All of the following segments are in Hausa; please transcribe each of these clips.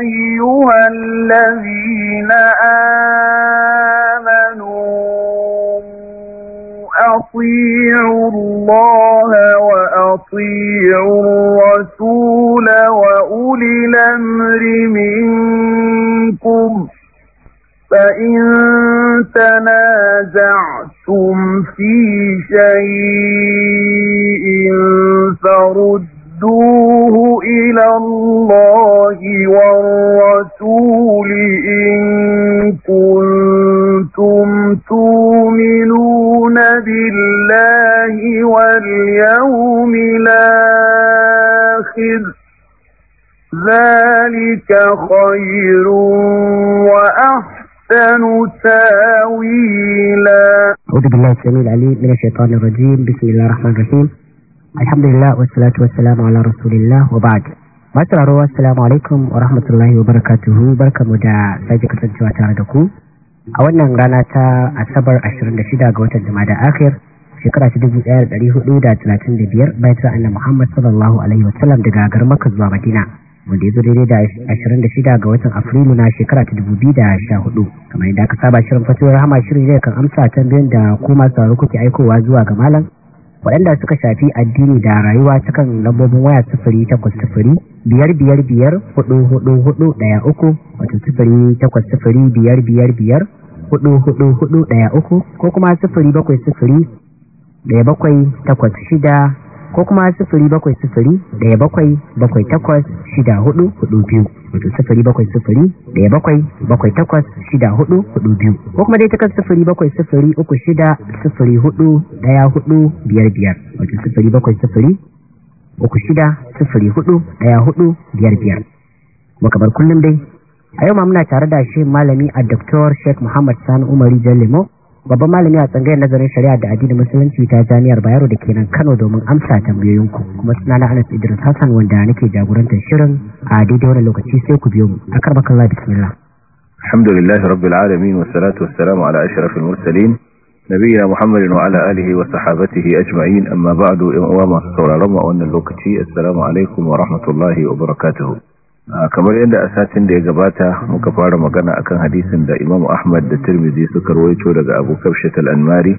أيها الذين آمنوا أطيعوا الله وأطيعوا الرسول وأولي الأمر منكم فإن تنازعتم في شيء فرد رُدُّوهُ إِلَى اللَّهِ وَالرَّسُولِ إِن كُنتُمْ تُؤْمِنُونَ بِاللَّهِ وَالْيَوْمِ الْآخِرِ ذَلِكَ خَيْرٌ وَأَحْسَنُ تَأْوِيلًا أعوذ بالله السميع العليم من الشيطان الرجيم بسم الله الرحمن الرحيم alhamdulillah wassalatu wassalamu ala rasulillah wa ba'd matararo assalamu alaikum wa rahmatullahi wa barakatuhu barkamu da sake kasancewa tare da ku a wannan rana ta asabar 26 ga watan jumada akhir shekara ta 1435 bayan ta annabi Muhammad sallallahu alaihi wasallam daga garin Makka zuwa Madina wanda ya zo daidai da 26 ga watan Afrilu na shekara ta 2014 kamar yadda aka saba shirin fatuwar rahama shirin zai kan amsa tambayoyin da kuma sauraro kuke aikowa zuwa ga malam waɗanda suka shafi addini da rayuwa cikin lambobin waya sufuri takwas sufuri biyar biyar biyar hudu hudu hudu ɗaya uku wato sufuri takwas sufuri biyar biyar biyar hudu hudu hudu ɗaya uku ko kuma sufuri bakwai sufuri ɗaya bakwai takwas shida ko kuma sifiri bakwai sifiri daya bakwai bakwai takwas shida hudu hudu biyu wato sifiri bakwai sifiri daya bakwai bakwai takwas shida hudu hudu biyu ko kuma dai takas sifiri bakwai sifiri uku shida sifiri hudu daya hudu biyar biyar wato sifiri bakwai sifiri uku shida sifiri hudu daya hudu biyar biyar muka bar kullum dai a yau ma muna tare da shi malami a Dr. Sheikh Muhammad Sani Umari Jallemo babban malami a tsangayar nazarin shari'a da addinin musulunci ta jami'ar bayero da kenan kano domin amsa tambayoyin ku kuma suna na anas idris hassan wanda nake jagorantar shirin a daidai wani lokaci sai ku biyo mu a karbakan lafi bismillah alhamdulillah rabbil alamin wassalatu wassalamu ala ashrafil mursalin nabiyina muhammadin wa ala alihi wa sahabatihi ajma'in amma ba'du in uwa masu sauraron mu wannan lokaci assalamu alaikum wa rahmatullahi wa barakatuh kamar yadda a satin da ya gabata muka fara magana akan hadisin da Imam Ahmad da Tirmidhi suka rawaito daga Abu Kafshat al-Anmari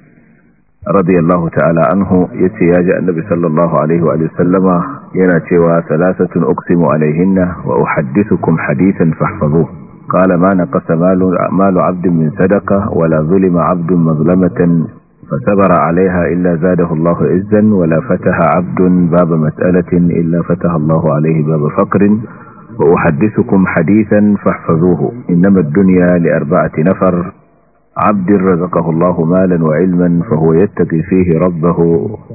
radiyallahu ta'ala anhu yace ya ji Annabi sallallahu alaihi wa sallama yana cewa salasatun uqsimu alaihinna wa uhaddithukum hadithan fahfazuhu qala ma naqasa malu a'malu 'abdin min sadaqa wala zulima 'abdun mazlamatan فصبر عليها إلا زاده الله عزا ولا فتح عبد باب مسألة إلا فتح الله عليه باب فقر وأحدثكم حديثا فاحفظوه إنما الدنيا لأربعة نفر عبد رزقه الله مالا وعلما فهو يتقي فيه ربه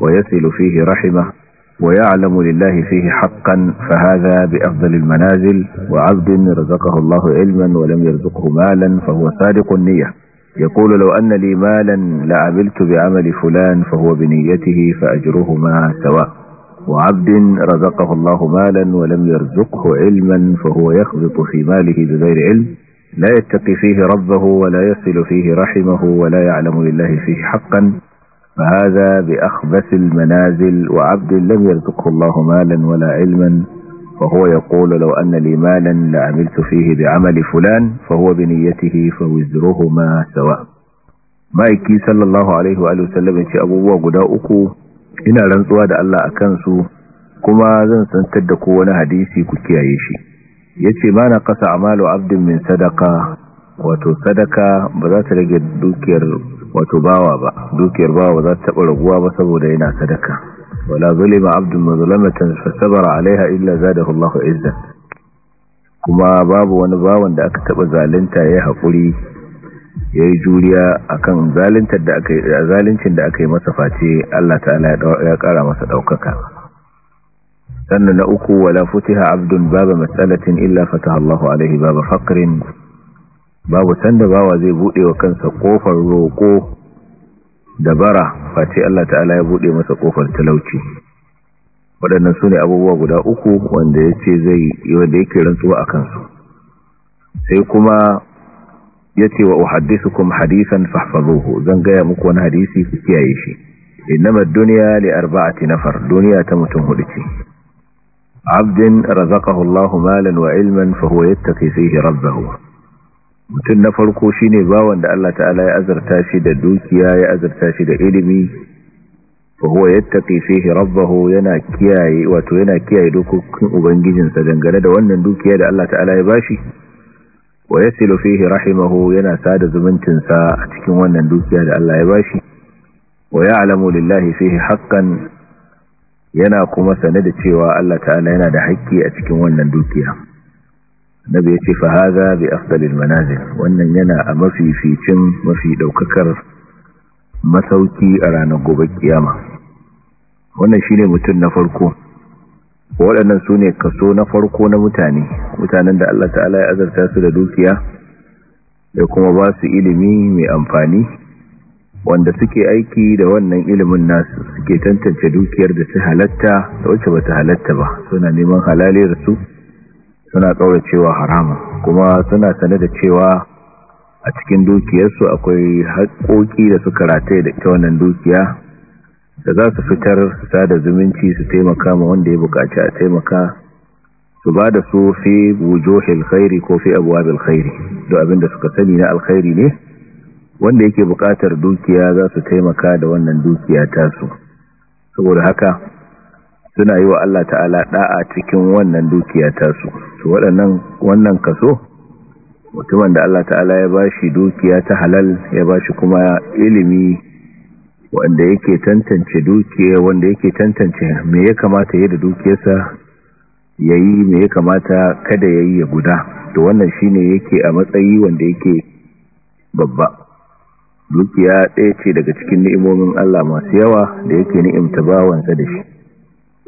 ويصل فيه رحمه ويعلم لله فيه حقا فهذا بأفضل المنازل وعبد رزقه الله علما ولم يرزقه مالا فهو صادق النية يقول لو أن لي مالا لعملت بعمل فلان فهو بنيته فأجرهما سواه وعبد رزقه الله مالا ولم يرزقه علما فهو يخبط في ماله بغير علم لا يتقي فيه ربه ولا يصل فيه رحمه ولا يعلم لله فيه حقا فهذا بأخبث المنازل وعبد لم يرزقه الله مالا ولا علما فهو يقول لو أن لي مالا لعملت فيه بعمل فلان فهو بنيته فوزرهما سواء ma'aiki صلى الله عليه وآله وسلم أبو guda uku ina rantsuwa da Allah akan su kuma zan santar da kowane hadisi ku kiyaye shi yace ba na kasa amalu abdin min sadaka wato sadaka ba za ta rage dukiyar wato bawa ba dukiyar bawa za ta taba raguwa ba saboda yana sadaka wala zulima abdin mazlamatan fa sabara alaiha illa zadahu Allahu izza kuma babu wani bawan da aka taɓa zalunta ya haƙuri ya yi juriya a kan zalincin da aka yi masa face Allah ta'ala ya ƙara masa ɗaukaka sannan na uku wala futiha abdun babu matsalatin illa fata Allahu alaihi babu fakirin babu sanda bawa zai buɗe wa kansa ƙofar roƙo da bara face Allah ta'ala ya buɗe masa ƙofar talauci waɗannan su ne abubuwa guda uku wanda ya ce zai yi wanda yake rantsuwa a kansu sai kuma ce wa kuma hadisan fahfazuhu zan gaya muku wani hadisi ku kiyaye shi innamad duniya li arba'ati nafar duniya ta mutum hudu ce abdin razaqahu Allahu malan wa ilman fa huwa yattaqi fihi rabbahu mutum na farko shine bawan da Allah ta'ala ya azarta shi da dukiya ya azarta shi da ilimi fa huwa yattaqi fihi rabbahu yana kiyaye wato yana kiyaye dokokin ubangijinsa dangane da wannan dukiya da Allah ta'ala ya bashi wa yasilu fihi rahimahu yana sada zumuncin sa a cikin wannan dukiya da Allah ya bashi wa alamu, lillahi fi haqqan yana kuma sane da cewa Allah ta'ala yana da haƙƙi a cikin wannan dukiya nabi ya ce fa hadha bi afdalil manazil wannan yana a mafificin mafi daukakar masauki a ranar gobe kiyama wannan shine mutum na farko waɗannan su ne kaso na farko na mutane mutanen da Allah ta'ala ya azarta su da dukiya da kuma ba su ilimi mai amfani wanda suke aiki da wannan ilimin nasu suke tantance dukiyar da su halatta da wacce ba ta halatta ba suna neman halaliyar su suna cewa haramun kuma suna sane da cewa a cikin dukiyarsu akwai haƙoƙi da suka rataye da ita wannan dukiya da za su fitar sada zumunci su taimaka ma wanda ya bukaci a taimaka su ba da su fi wujohil khairi ko fi don abin da suka sani na alkhairi ne wanda yake bukatar dukiya za su taimaka da wannan dukiya tasu saboda haka suna yi wa Allah ta'ala da'a cikin wannan dukiya tasu su waɗannan wannan kaso mutumin da Allah ta'ala ya bashi dukiya ta halal ya bashi kuma ilimi wanda yake tantance dukiya wanda yake tantance me ya kamata ya da dukiyarsa yayi me ya kamata kada yayi ya guda to wannan shine yake a matsayi wanda yake babba dukiya ɗaya ce daga cikin ni'imomin Allah masu yawa da yake ni'imta bawansa da shi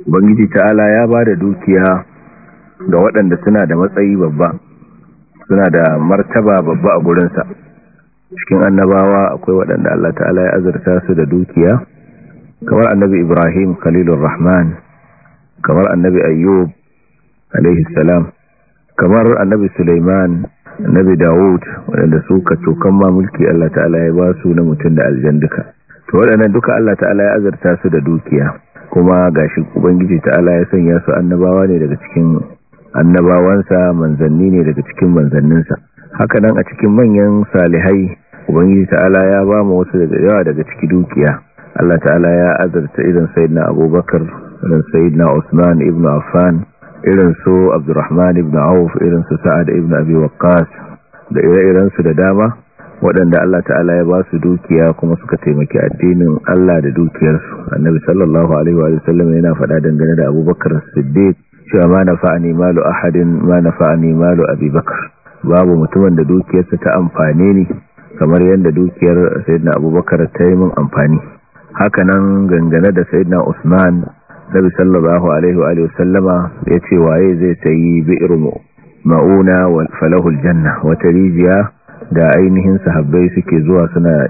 ubangiji ta'ala ya ba da dukiya ga waɗanda suna da matsayi babba suna da martaba babba a gurinsa cikin annabawa akwai waɗanda Allah ta'ala ya azurta su da dukiya kamar annabi Ibrahim Khalilur Rahman kamar annabi Ayyub alaihi salam kamar annabi Sulaiman annabi Dawud waɗanda suka ka tokan ma mulki Allah ta'ala ya ba su na mutum da aljan duka to waɗannan duka Allah ta'ala ya azurta su da dukiya kuma gashi ubangiji ta'ala ya sanya su annabawa ne daga cikin annabawansa manzanni ne daga cikin manzanninsa haka nan a cikin manyan salihai ubangiji ta'ala ya ba mu wasu daga yawa daga ciki dukiya Allah ta'ala ya azarta irin sayyidina abubakar irin sayyidina usman ibn affan irin su abdurrahman ibn auf irin su sa'ad ibn abi waqqas da ire su da dama waɗanda Allah ta'ala ya ba su dukiya kuma suka taimaki addinin Allah da dukiyarsu annabi sallallahu alaihi wa sallam yana faɗa dangane da abubakar siddiq cewa ma nafa'ani malu ahadin ma nafa'ani malu abubakar babu mutumin da dukiyarsa ta amfane ni kamar yadda dukiyar sayyidina abubakar ta yi mun amfani hakanan gangane da sayyidina usman nabi sallallahu alaihi wa alihi sallama ya ce waye zai sayi bi'ru ma'una wa Falahu janna wata rijiya da ainihin sahabbai suke zuwa suna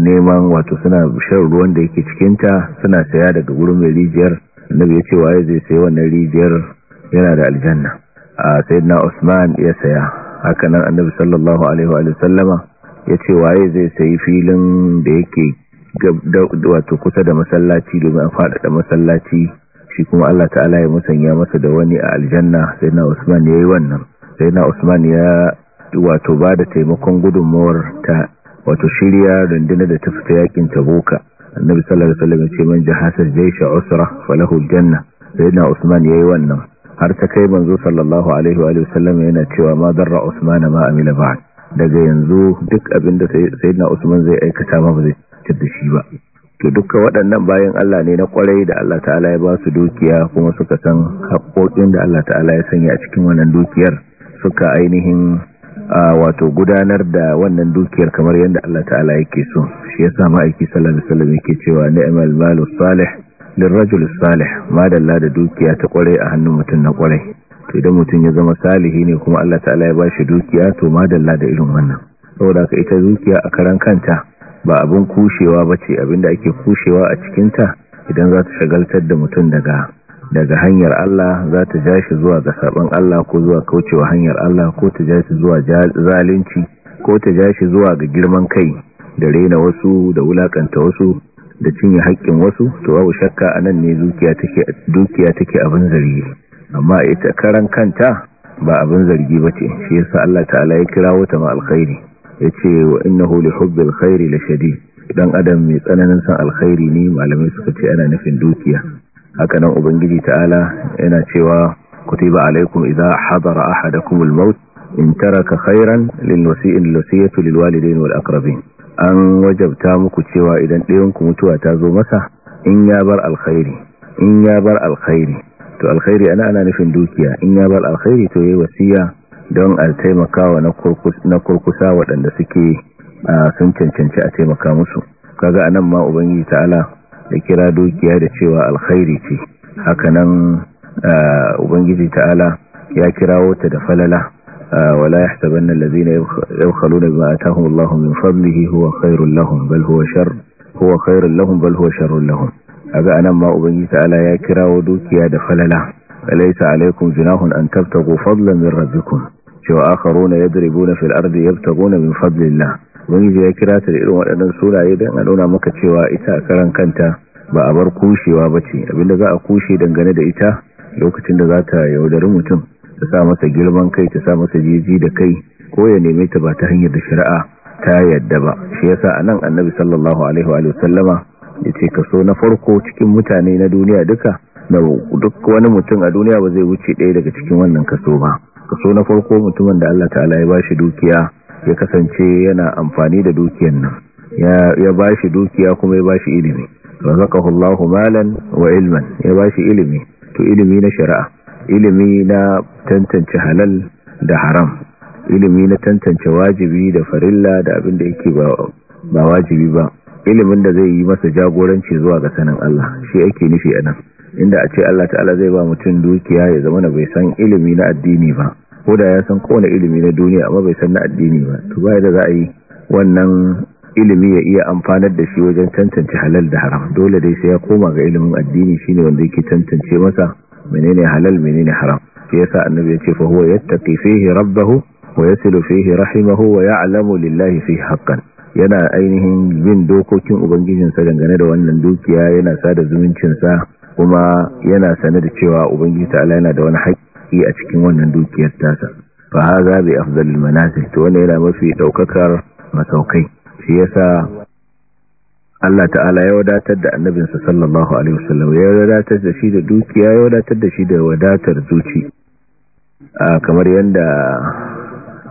neman wato suna shan ruwan da yake cikinta suna saya daga gurin mai rijiyar nabi ya ce waye zai sayi wannan rijiyar yana da aljanna a sayyidina usman ya saya hakanan annabi sallallahu alaihi wa sallama ya ce waye zai sayi filin da yake wato kusa da masallaci domin a faɗaɗa masallaci shi kuma Allah ta'ala ya musanya masa da wani a aljanna sai na usman ya yi wannan sai na usman ya wato ba da taimakon gudunmawar ta wato shirya rundunar da ta fita yakin tabuka annabi sallallahu alaihi wasallam ya ce man jahasa jaysha usra falahu aljanna sai na usman ya yi wannan har ta kai manzo sallallahu alaihi wa sallam yana cewa ma darra usman ma amila ba'd daga yanzu duk abin da sayyidina Usman zai aikata ma ba zai da shi ba to dukkan waɗannan bayan Allah ne na kwarai da Allah ta'ala ya ba su dukiya kuma suka san haƙoƙin da Allah ta'ala ya sanya a cikin wannan dukiyar suka ainihin wato gudanar da wannan dukiyar kamar yadda Allah ta'ala yake so shi yasa ma'aiki sallallahu alaihi wasallam yake cewa ni'mal malu salih lirajul salih madalla da dukiya ta kwarai a hannun mutum na kwarai to idan mutum ya zama salihi ne kuma Allah ta'ala ya bashi dukiya to madalla da irin wannan saboda ka ita dukiya a karan kanta ba abin kushewa bace da ake kushewa a cikin ta idan za ta shagaltar da mutum daga daga hanyar Allah za ta ja shi zuwa ga saban Allah ko zuwa kaucewa hanyar Allah ko ta ja shi zuwa zalunci ko ta ja shi zuwa ga girman kai da rena wasu da wulakanta wasu da cinye haƙƙin wasu to babu shakka anan ne dukiya take dukiya take abin zargi amma ita karan kanta ba abin zargi ba ce shi yasa Allah ta'ala ya kira wata ma alkhairi ya ce wa innahu li hubbil khairi la shadid idan adam mai tsananin san alkhairi ne malamai suka ce ana nufin dukiya haka nan ubangiji ta'ala yana cewa kutiba alaikum idza hadara ahadakum al-maut in taraka khairan lil wasi'i al-wasiyatu wal aqrabin an wajabta muku cewa idan ɗayan ku mutuwa ta zo masa in ya bar alkhairi in ya bar alkhairi to alkhairi ana ana nufin dukiya in ya bar alkhairi to yayi wasiya don a taimakawa na kurkusa waɗanda suke sun cancanci a taimaka musu kaga anan ma ubangiji ta'ala da kira dukiya da cewa alkhairi ce hakanan ubangiji ta'ala ya kirawo ta da falala wala yahtabanna allazina yabkhaluna bima atahumullahu min fadlihi huwa khairul lahum bal huwa shar huwa khairul lahum bal huwa sharrul lahum ga anan ma ubangiji ta'ala ya kirawo dukiya da falala alaysa alaykum junahun an tabtagu fadlan min rabbikum cewa akharuna yadribuna fil ardi yabtaguna min fadlillah ubangiji ya kira ta da irin waɗannan suraye dan a nuna maka cewa ita a karan kanta ba a bar kushewa bace abinda za a kushe dangane da ita lokacin da za ta yaudari mutum ta sa masa girman kai ta sa masa jiji da kai ko ya neme ta ba ta hanyar da shari'a ta yadda ba shi yasa anan annabi sallallahu alaihi wa sallama ya ce kaso na farko cikin mutane na duniya duka na duk wani mutum a duniya ba zai wuce ɗaya daga cikin wannan kaso ba kaso na farko mutumin da Allah ta'ala ya bashi dukiya ya kasance yana amfani da dukiyan nan ya bashi dukiya kuma ya bashi ilimi razaqahu Allahu malan wa ilman ya bashi ilimi to ilimi na shari'a ilimi na tantance halal da haram ilimi na tantance wajibi da farilla da abin da yake ba wajibi ba ilimin da zai yi masa jagoranci zuwa ga sanin Allah shi ake nufi a nan inda a ce Allah ta'ala zai ba mutum dukiya ya zama na bai san ilimi na addini ba ko da ya san kowane ilimi na duniya amma bai san na addini ba to ba da za a yi wannan ilimi ya iya amfanar da shi wajen tantance halal da haram dole dai sai ya koma ga ilimin addini shine wanda yake tantance masa menene halal menene haram shi yasa annabi ya ce fa huwa yattaqi fihi rabbahu wa yasilu fihi rahimahu wa ya'lamu lillahi fihi haqqan yana ainihin bin dokokin ubangijinsa dangane da wannan dukiya yana sada zumuncinsa kuma yana sane da cewa ubangiji ta'ala yana da wani haƙƙi a cikin wannan dukiyar tasa fa haza bi afdalil manazil to wannan yana mafi daukakar masaukai shi yasa Allah ta'ala ya wadatar da annabinsa sallallahu alaihi wasallam ya wadatar da shi da dukiya ya wadatar da shi da wadatar zuci kamar yadda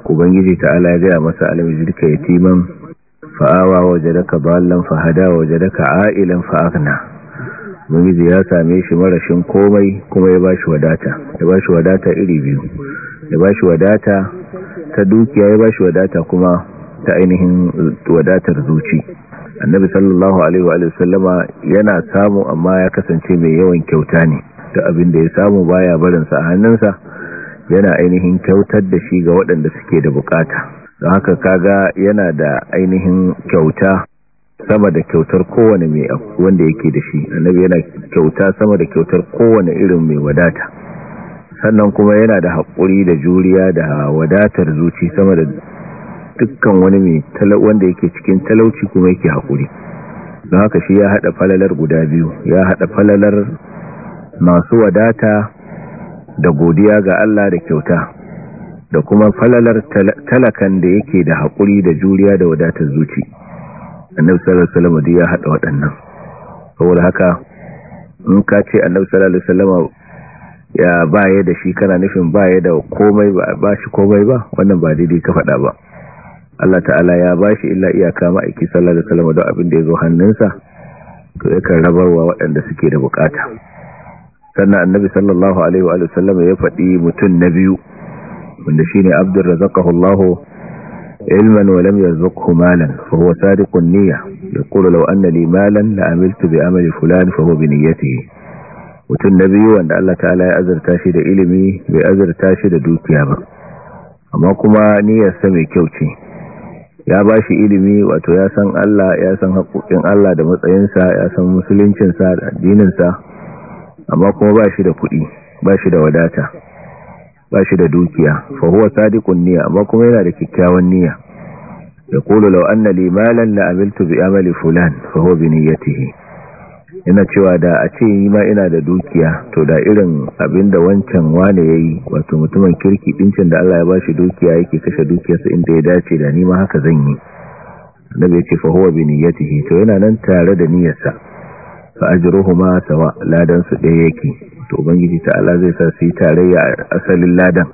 ubangiji ta'ala ya gaya masa alim zirka yatiman fa'awa wajadaka ballan fahada wajadaka a'ilan fa'agna mugiji ya same shi marashin komai kuma ya bashi wadata ya wadata iri biyu ya bashi wadata ta dukiya ya bashi wadata kuma ta ainihin wadatar zuci annabi sallallahu alaihi wa sallama yana samu amma ya kasance mai yawan kyauta ne da abin da ya samu baya barinsa a hannunsa yana ainihin kyautar da shi ga waɗanda suke da bukata don haka kaga yana da ainihin kyauta sama da kyautar kowane mai wanda yake da shi annabi yana kyauta sama da kyautar kowane irin mai wadata sannan kuma yana da haƙuri da juriya da wadatar zuci sama da dukkan wani mai wanda yake cikin talauci kuma yake haƙuri don haka shi ya haɗa falalar guda biyu ya haɗa falalar masu wadata da godiya ga Allah da kyauta da kuma falalar talakan da yake da haƙuri da juriya da wadatar zuci annabi sallallahu alaihi wasallam ya hada waɗannan saboda haka in ka ce annabi sallallahu alaihi wasallam ya baya da shi kana nufin baye da komai ba ba shi komai ba wannan ba daidai ka faɗa ba Allah ta'ala ya bashi illa iyaka ma'aiki sallallahu alaihi wasallam da abin da ya zo hannunsa to kan rabarwa waɗanda suke da bukata sannan annabi sallallahu alaihi wa sallam ya faɗi mutum na biyu wanda shine abdurrazzaqahu Allah ilman wa lam yarzuqhu malan fa huwa sadiqun niyya yaqulu law anna li malan la amiltu bi amali fulan fa bi mutum na biyu wanda Allah ta'ala ya azurta shi da ilimi bai azurta shi da dukiya ba amma kuma niyyarsa mai kyau ce ya ba shi ilimi wato ya san Allah ya san haƙoƙin Allah da matsayinsa ya san musuluncinsa da addininsa amma kuma ba shi da kuɗi ba shi da wadata ba shi da dukiya fa huwa sadiqun niyya amma kuma yana da kyakkyawan niyya kulu law anna li malan la amiltu bi amali fulan fa huwa bi niyyatihi yana cewa da a ce yi ma ina da dukiya to da irin abinda wancan wane yayi wato mutumin kirki ɗincin da Allah ya bashi dukiya yake kashe dukiyarsa inda ya dace da ni ma haka zan yi nabi yace fa huwa bi niyyatihi to yana nan tare da niyyarsa fa ajruhuma sawa ladan su ɗaya yake to ubangiji ta'ala zai sa su yi tarayya a asalin ladan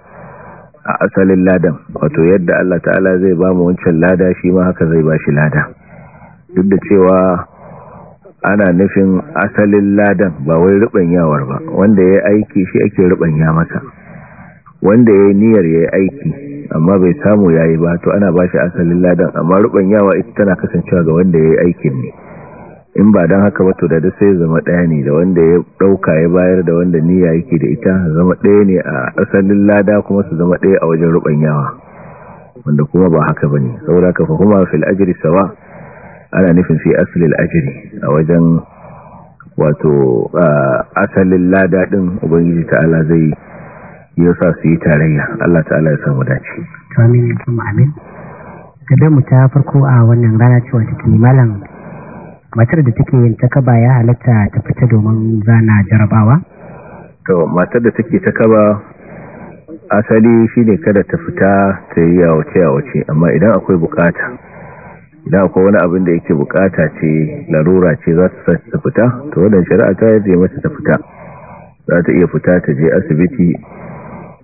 a asalin ladan wato yadda Allah ta'ala zai ba mu wancan lada shi ma haka zai ba shi lada duk da cewa ana nufin asalin ladan ba wai yawar ba wanda ya aiki shi ake rubanya masa wanda ya niyyar ya aiki amma bai samu yayi ba to ana ba shi asalin ladan amma rubanyawa ita tana kasancewa ga wanda ya yi aikin ne in ba don haka wato da sai zama ɗaya ne da wanda ya ɗauka ya bayar da wanda niyya yake da ita zama ɗaya ne a asalin lada kuma su zama ɗaya a wajen yawa wanda kuma ba haka ba ne saboda ka fahimma fil ajiri sawa ana nufin fi asalin ajiri a wajen wato asalin lada ɗin ubangiji ta'ala zai yi sa su yi tarayya allah ta'ala ya samu dace amin ta farko a wannan rana cewa take malam matar da take yin takaba ya halatta ta fita domin zana jarabawa to matar da take takaba asali shine kada ta fita ta yi yawace yawace amma idan akwai bukata idan akwai wani abin da yake bukata ce larura ce za ta sa ta fita to wadda shari'a ta yi zai mata ta fita za ta iya fita ta je asibiti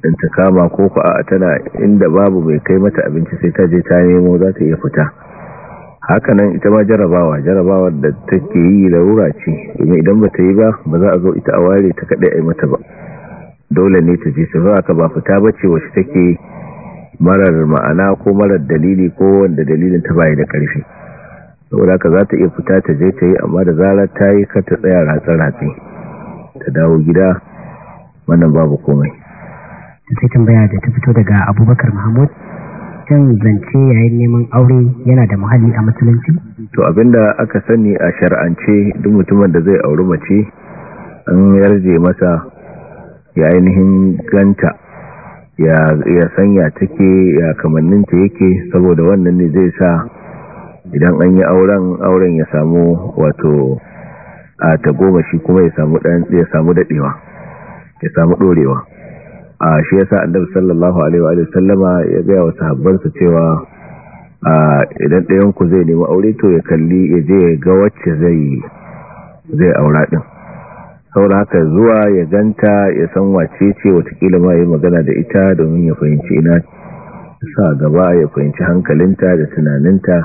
in ta kama ko ko a tana inda babu mai kai mata abinci sai ta je ta nemo za ta iya fita hakanan ita ma jarabawa jarabawar da take yi larura ce domin idan ba ta yi ba ba za a zo ita a ware ta kaɗai a yi mata ba dole ne ta je su za ka ba fita ba ce wacce take marar ma'ana ko marar dalili ko wanda dalilin ta bayi da ƙarfi saboda ka za ta iya fita ta je ta yi amma da zara ta yi ka ta tsaya ratsa-ratsi ta dawo gida wannan babu komai sai tambaya da ta fito daga abubakar mahmud shan zance yayin neman aure yana da muhalli a musulunci to abinda aka sani a shar'ance duk mutumin da zai auri mace an yarje masa yayin ganta ya sanya take ya ta yake saboda wannan ne zai sa idan an yi auren auren ya samu wato a shi kuma ya samu daɗewa ya samu ɗorewa a shi yasa annabi sallallahu alaihi wa sallama ya ga wa sahabbansa cewa idan ɗayan ku zai nemi aure to ya kalli ya je ya ga wacce zai zai aura din saboda haka zuwa ya ganta ya san wace ce watakila ma yi magana da ita domin ya fahimci ina sa gaba ya fahimci hankalinta da tunaninta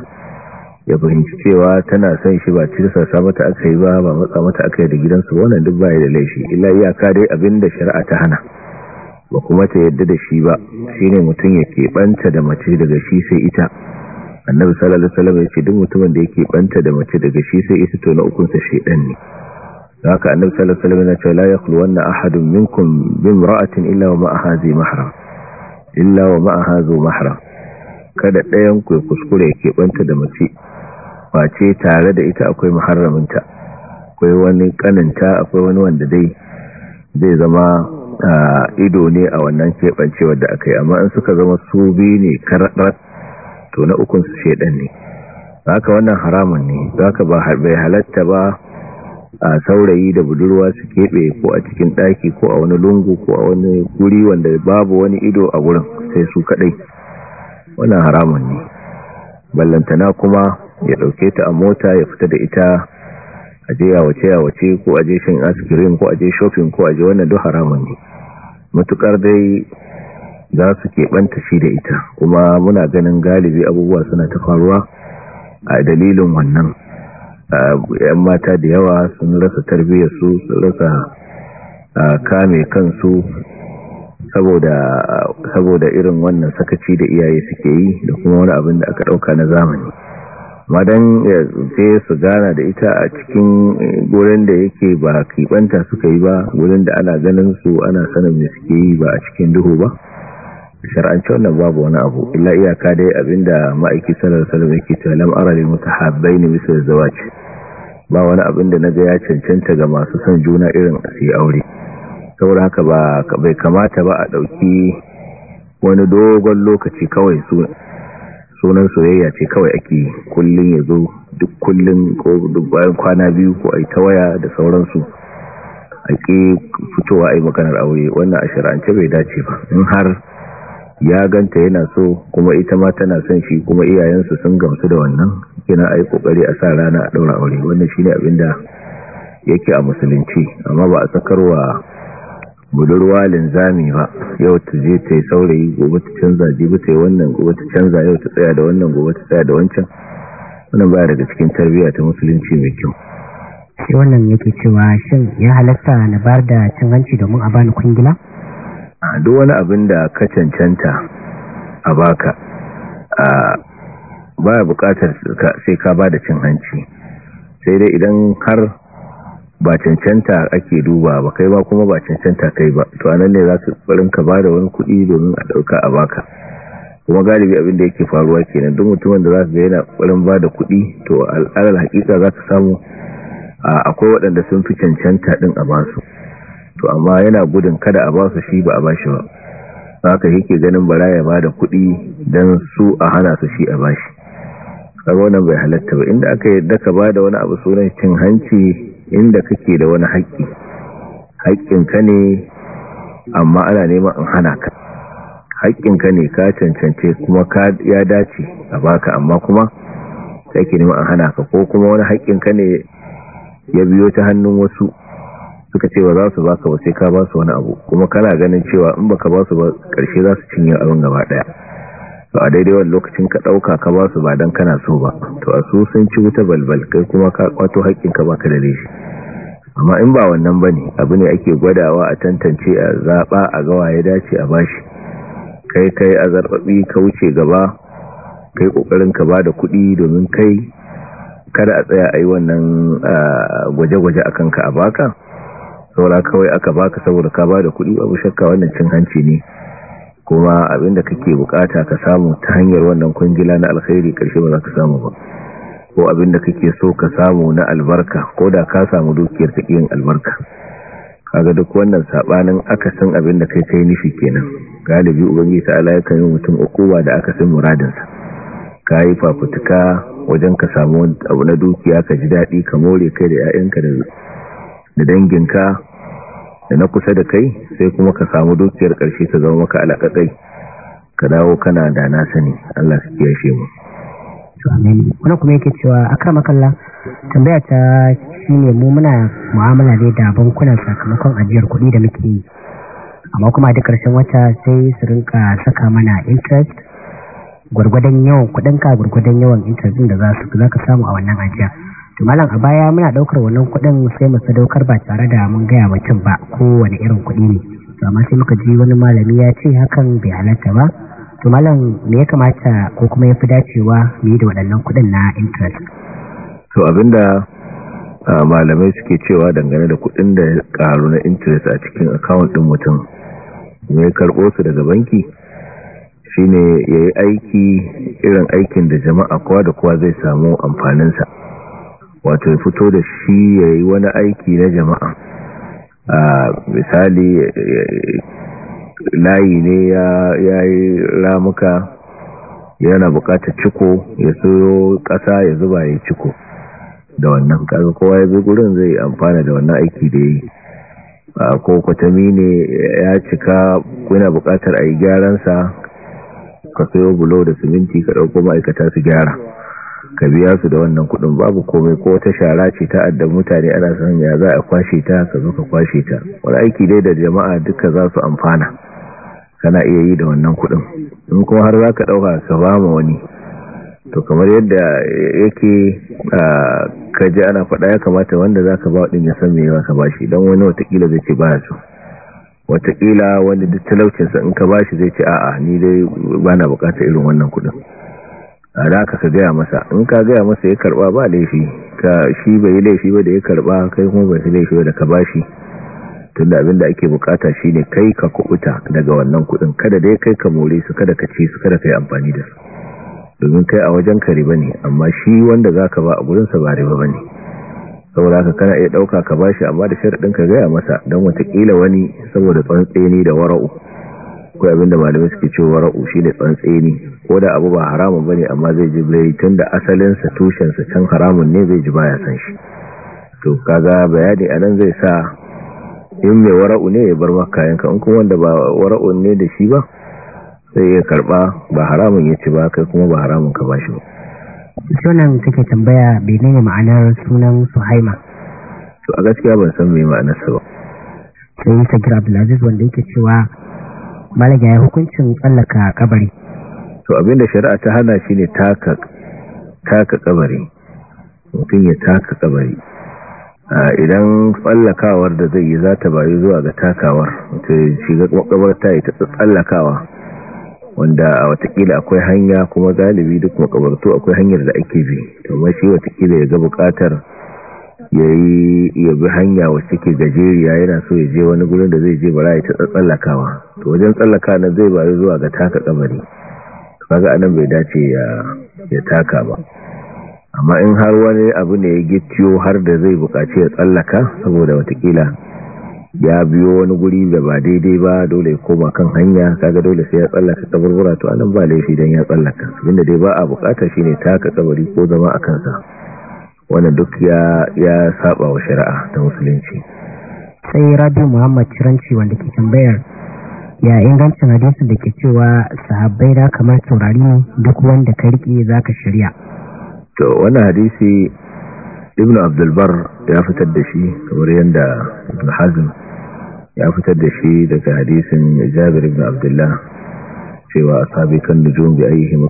ya fahimci cewa tana son shi ba cirsasa mata aka yi ba ba matsa mata aka yi da gidansu wannan duk baya da laifi illa iyaka dai abin da shari'a ta hana ba kuma ta yadda da shi ba Shi ne mutum ya keɓanta da mace daga shi sai ita annabi salallu alaihi ya ce duk mutumin da yake banta da mace daga shi sai ita to na ukunsa sa ne ne haka annabi sallallahu ya ce yana ya kulu Wannan ahadun minkum bimra'atin illa wa ma'aha zi mahara illa ma'aha mahara kada ɗayan ku kuskure ya banta da mace ce tare da ita akwai maharaminta? akwai wani kananta akwai wani wanda dai zai zama ido ne a wannan keɓancewar da aka yi amma in suka zama su biyu ne kararar to na ukun su shaidan ne haka wannan haramun ne za ka ba halatta ba a saurayi da budurwa su keɓe ko a cikin ɗaki ko a wani lungu ko a wani guri wanda babu wani ido a gurin sai su kaɗai wannan haramun ne ballantana kuma ya ɗauke ta a mota ya fita da ita aje yawace yawace ko aje shan askirin ko aje shopping ko aje wannan duk haramun ne matukar dai za su keɓanta shi da ita kuma muna ganin galibi abubuwa suna ta faruwa a dalilin wannan yan mata da yawa sun rasa tarbiyyarsu sun rasa kame kansu saboda irin wannan sakaci da iyaye suke yi da kuma wani abin da aka ɗauka na zamani madan ya eh, sai su gana da ita a cikin eh, gurin da yake ba kibanta suka yi ba gurin da ana ganin su ana sanin me suke yi ba a cikin duhu ba shar'anci wannan babu wani abu illa iyaka dai abinda ma'aiki sallallahu alaihi wasallam yake cewa lam ara lil mutahabbaini misal zawaj ba wani abin da naga ya cancanta ga masu son juna irin su aure saboda haka ba bai kamata ba a dauki wani dogon lokaci kawai su sunan soyayya ce kawai ake kullun ya zo duk kullun ko duk bayan kwana biyu ko ai ta waya da sauransu a fitowa a yi maganar aure wannan a shirance bai dace ba in har ya ganta yana so kuma ita ma tana son shi kuma iyayensu sun gamsu da wannan yana a yi ƙoƙari a sa rana a ɗaura aure wannan shi ne abin da yake a musulunci amma ba a sakarwa budurwa linzami ba yau ta je ta yi saurayi gobe ta canza jibi ta yi wannan gobe ta canza yau ta tsaya da wannan gobe ta tsaya da wancan wannan baya daga cikin tarbiyya ta musulunci mai kyau shi wannan yake cewa shin ya halatta na bar da cin hanci domin a bani kungila a duk wani abin da ka cancanta a baka a baya bukatar sai ka ba da cin hanci sai dai idan har ba cancanta ake duba ba kai ba kuma ba cancanta kai ba to anan ne za ka barin ka ba da wani kuɗi domin a ɗauka a baka kuma galibi abin da yake faruwa kenan duk mutumin da za ka ga yana barin ba da kuɗi to al'adar hakika za ka samu akwai waɗanda sun fi cancanta ɗin a basu to amma yana gudun kada a basu shi ba a bashi ba haka yake ganin bara ya ba da kuɗi don su a hana su shi a bashi kaga wannan bai halatta ba inda aka yadda ka ba da wani abu sunan cin hanci inda kake da wani haƙƙi haƙƙinka ne amma ana neman in hana ka haƙƙinka ne ka cancance kuma ya dace a baka amma kuma kake neman in hana ka ko kuma wani haƙƙinka ne ya biyo ta hannun wasu suka ce ba za su baka ba sai ka ba su wani abu kuma kana ganin cewa in baka ba su ba ƙarshe za su cinye abin gaba daya Ba a daidai wani lokacin ka ɗauka ka ba su ba don kana so ba to a su sun ci wuta balbal kai kuma ka kwato ka ba ka da shi amma in ba wannan ba ne abu ne ake gwadawa a tantance a zaɓa a gawa ya dace a bashi kai kai a zarɓaɓi ka wuce gaba kai ƙoƙarin ka ba da kuɗi domin kai kada a tsaya a yi wannan gwaje-gwaje a kanka a baka saura kawai aka baka saboda ka ba da kuɗi abu shakka wannan cin hanci ne kuma abinda kake bukata ka samu ta hanyar wannan kwangila na alkhairi karshe ba za ka samu ba ko abinda kake so ka samu na albarka ko da ka samu dukiyar ta yin albarka kaga duk wannan sabanin akasin abinda kai kai nufi kenan galibi ubangi ta Allah yakan yi mutum ukuwa da akasin muradinsa kayi fafutuka wajen ka samu abu na dukiya ka ji dadi ka more kai da 'ya'yanka da danginka da na kusa da kai sai kuma ka samu dukiyar karshe ta zama maka alaƙaƙai ka dawo kana da na sani Allah su kiyashe mu wani kuma yake cewa a kalla tambaya ta shine mu muna mu'amala ne da bankunan sakamakon ajiyar kuɗi da muke yi amma kuma da karshen wata sai su rinka saka mana interest gwargwadon yawan kuɗinka gwargwadon yawan interest da za ka samu a wannan ajiyar malam a baya muna daukar wannan kudin sai mu sadaukar ba tare da mun gaya mutum ba ko kowane irin kudi ne To amma sai muka ji wani malami ya ce hakan bai halatta ba to malam me ya kamata ko kuma ya fi dacewa mu yi da waɗannan kudin na interest to abinda malamai suke cewa dangane da kudin da karu na interest a cikin account din mutum ya karɓo su daga banki shine yayi aiki irin aikin da jama'a kowa da kowa zai samu amfaninsa wato ya fito da shi ya yi wani aiki na jama'a a misali layi ne ya yi ramuka yana bukata ciko ya soyo kasa ya zuba ya ciko da wannan kaga kowa ya bi gurin zai amfana da wannan aiki da yi ko kwatami ne ya cika yana bukatar a yi gyaransa ka sayo bulo da siminti ka ɗauko ma'aikata su gyara ka biya su da wannan kuɗin babu komai ko wata shara ce ta addan mutane ana san ya za a kwashe ta ka zo ka kwashe ta wani aiki dai da jama'a duka za su amfana kana iya yi da wannan kuɗin in kuma har za ka ɗauka ka ba ma wani to kamar yadda yake ka ji ana faɗa ya kamata wanda za ka ba ɗin ya san mai yawa ka ba shi don wani watakila zai ce ba ya watakila wani duk talaucinsa in ka ba shi zai ce a'a ni dai ba na bukatar irin wannan kuɗin da ka ka gaya masa in ka gaya masa ya karba ba laifi ka shi bai laifi ba da ya karba kai kuma bai laifi ba da ka bashi tunda abin da ake bukata shine kai ka kubuta daga wannan kuɗin, kada dai kai ka more su kada ka ci su kada kai amfani da su domin kai a wajen ka riba ne amma shi wanda zaka ba a gurin sa ba riba bane saboda haka kana iya dauka ka bashi amma da sharadin ka gaya masa dan watakila wani saboda tsantseni da wara'u ko abin da malamai suke cewa wara'u shine tsantseni ko da abu ba haramun ba ne, amma zai ji bai tunda asalin sa tushensa can haramun ne zai ji ya san shi to kaga bayani nan zai sa in mai wara'u ne ya bar makayanka in kuma wanda ba wara'u ne da shi ba sai ya karba ba haramun ya ci ba kai kuma ba haramun ka ba shi ba sunan kake tambaya ne ma'anar sunan suhaima to a gaskiya ban san mai ma'anar sa ba sai sagir abdulaziz wanda yake cewa malaga ya hukuncin tsallaka kabari to abinda shari'a ta hana shine taka taka kabari mutum ya taka kabari idan tsallakawar da zai yi zata ta bayu zuwa ga takawar mutum shiga makabarta ya ta tsallakawa wanda a watakila akwai hanya kuma galibi duk makabartu akwai hanyar da ake bi amma shi watakila ya ga bukatar ya yi ya bi hanya wacce ke gajeriya yana so ya je wani gurin da zai je bara ya ta tsallakawa to wajen tsallaka na zai bari zuwa ga taka kabari kaga anan bai dace ya ya taka ba amma in har wani abu ne ya gicciyo har da zai bukaci ya tsallaka saboda watakila ya biyo wani guri da ba daidai ba dole ya koma kan hanya kaga dole sai ya tsallaka kaburbura to anan ba laifi dan ya tsallaka abinda dai ba a bukata shine taka kabari ko zama a kansa wannan duk ya ya saba wa shari'a ta musulunci sai rabi muhammad ciranci wanda ke tambayar ya ingancin hadisin da ke cewa sahabbai da kamar taurari ne duk wanda ka riƙe za ka shirya to wannan hadisi Ibn abdulbar ya fitar da shi kamar yadda ibn hazm ya fitar da shi daga hadisin jabir ibn abdullah cewa ashabi kan nujum bi ayyihim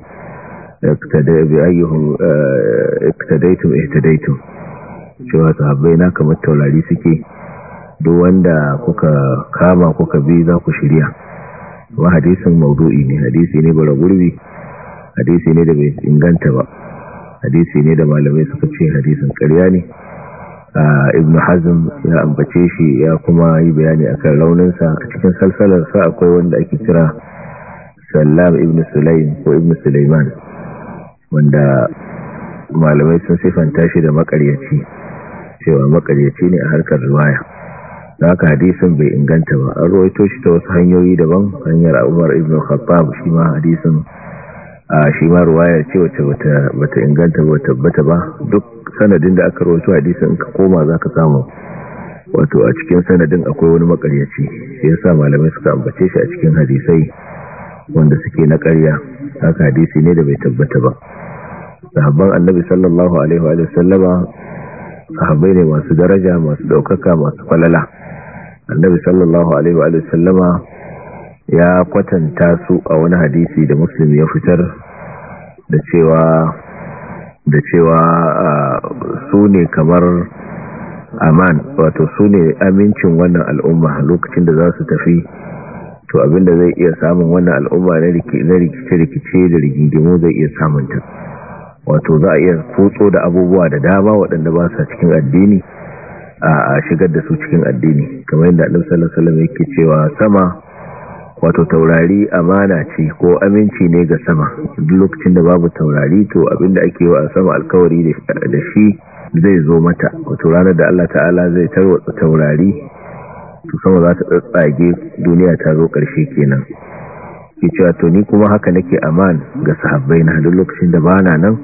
iktadaitum ihtadaitum cewa sahabbai na kamar taurari suke duk wanda kuka kama kuka bi za ku shirya wa hadisin maudu'i ne hadisi ne bara gurbi hadisi ne da bai inganta ba hadisi ne da malamai suka ce hadisin ƙarya ne ibn hazm ya ambace shi ya kuma yi bayani akan rauninsa a cikin salsalarsa akwai wanda ake kira sallam ibn sulaim ko ibn sulaiman wanda malamai sun sifanta shi da makaryaci cewa makaryaci ne a harkar riwaya da haka hadisin bai inganta ba an rawaito shi ta wasu hanyoyi daban hanyar umar ibn khattab shi ma hadisin a shi ma ruwaya ce wacce bata inganta ba tabbata ba duk sanadin da aka rawaito hadisin ka koma zaka samu wato a cikin sanadin akwai wani makaryaci shi yasa malamai suka ambace shi a cikin hadisai wanda suke na karya. haka hadisi ne da bai tabbata ba sahabban annabi sallallahu alaihi wa sallama sahabbai ne masu daraja masu daukaka masu falala annabi sallallahu alaihi wa sallama ya kwatanta su a wani hadisi da muslim ya fitar da cewa da cewa su ne kamar aman wato su ne amincin wannan al'umma lokacin da za su tafi to abinda zai iya samun wannan al'umma na rikice-rikice da rigingimu zai iya samunta wato za a iya kutso da abubuwa da dama waɗanda ba sa cikin addini a shigar da su cikin addini kamar yadda annabi sallallahu yake cewa sama wato taurari amana ce ko aminci ne ga sama duk lokacin da babu taurari to abinda ake wa a sama alkawari da shi zai zo mata wato ranar da Allah ta'ala zai tarwatsa taurari to sama za ta tsatsage duniya ta zo ƙarshe kenan yake cewa to ni kuma haka nake aman ga sahabbai na duk lokacin da bana nan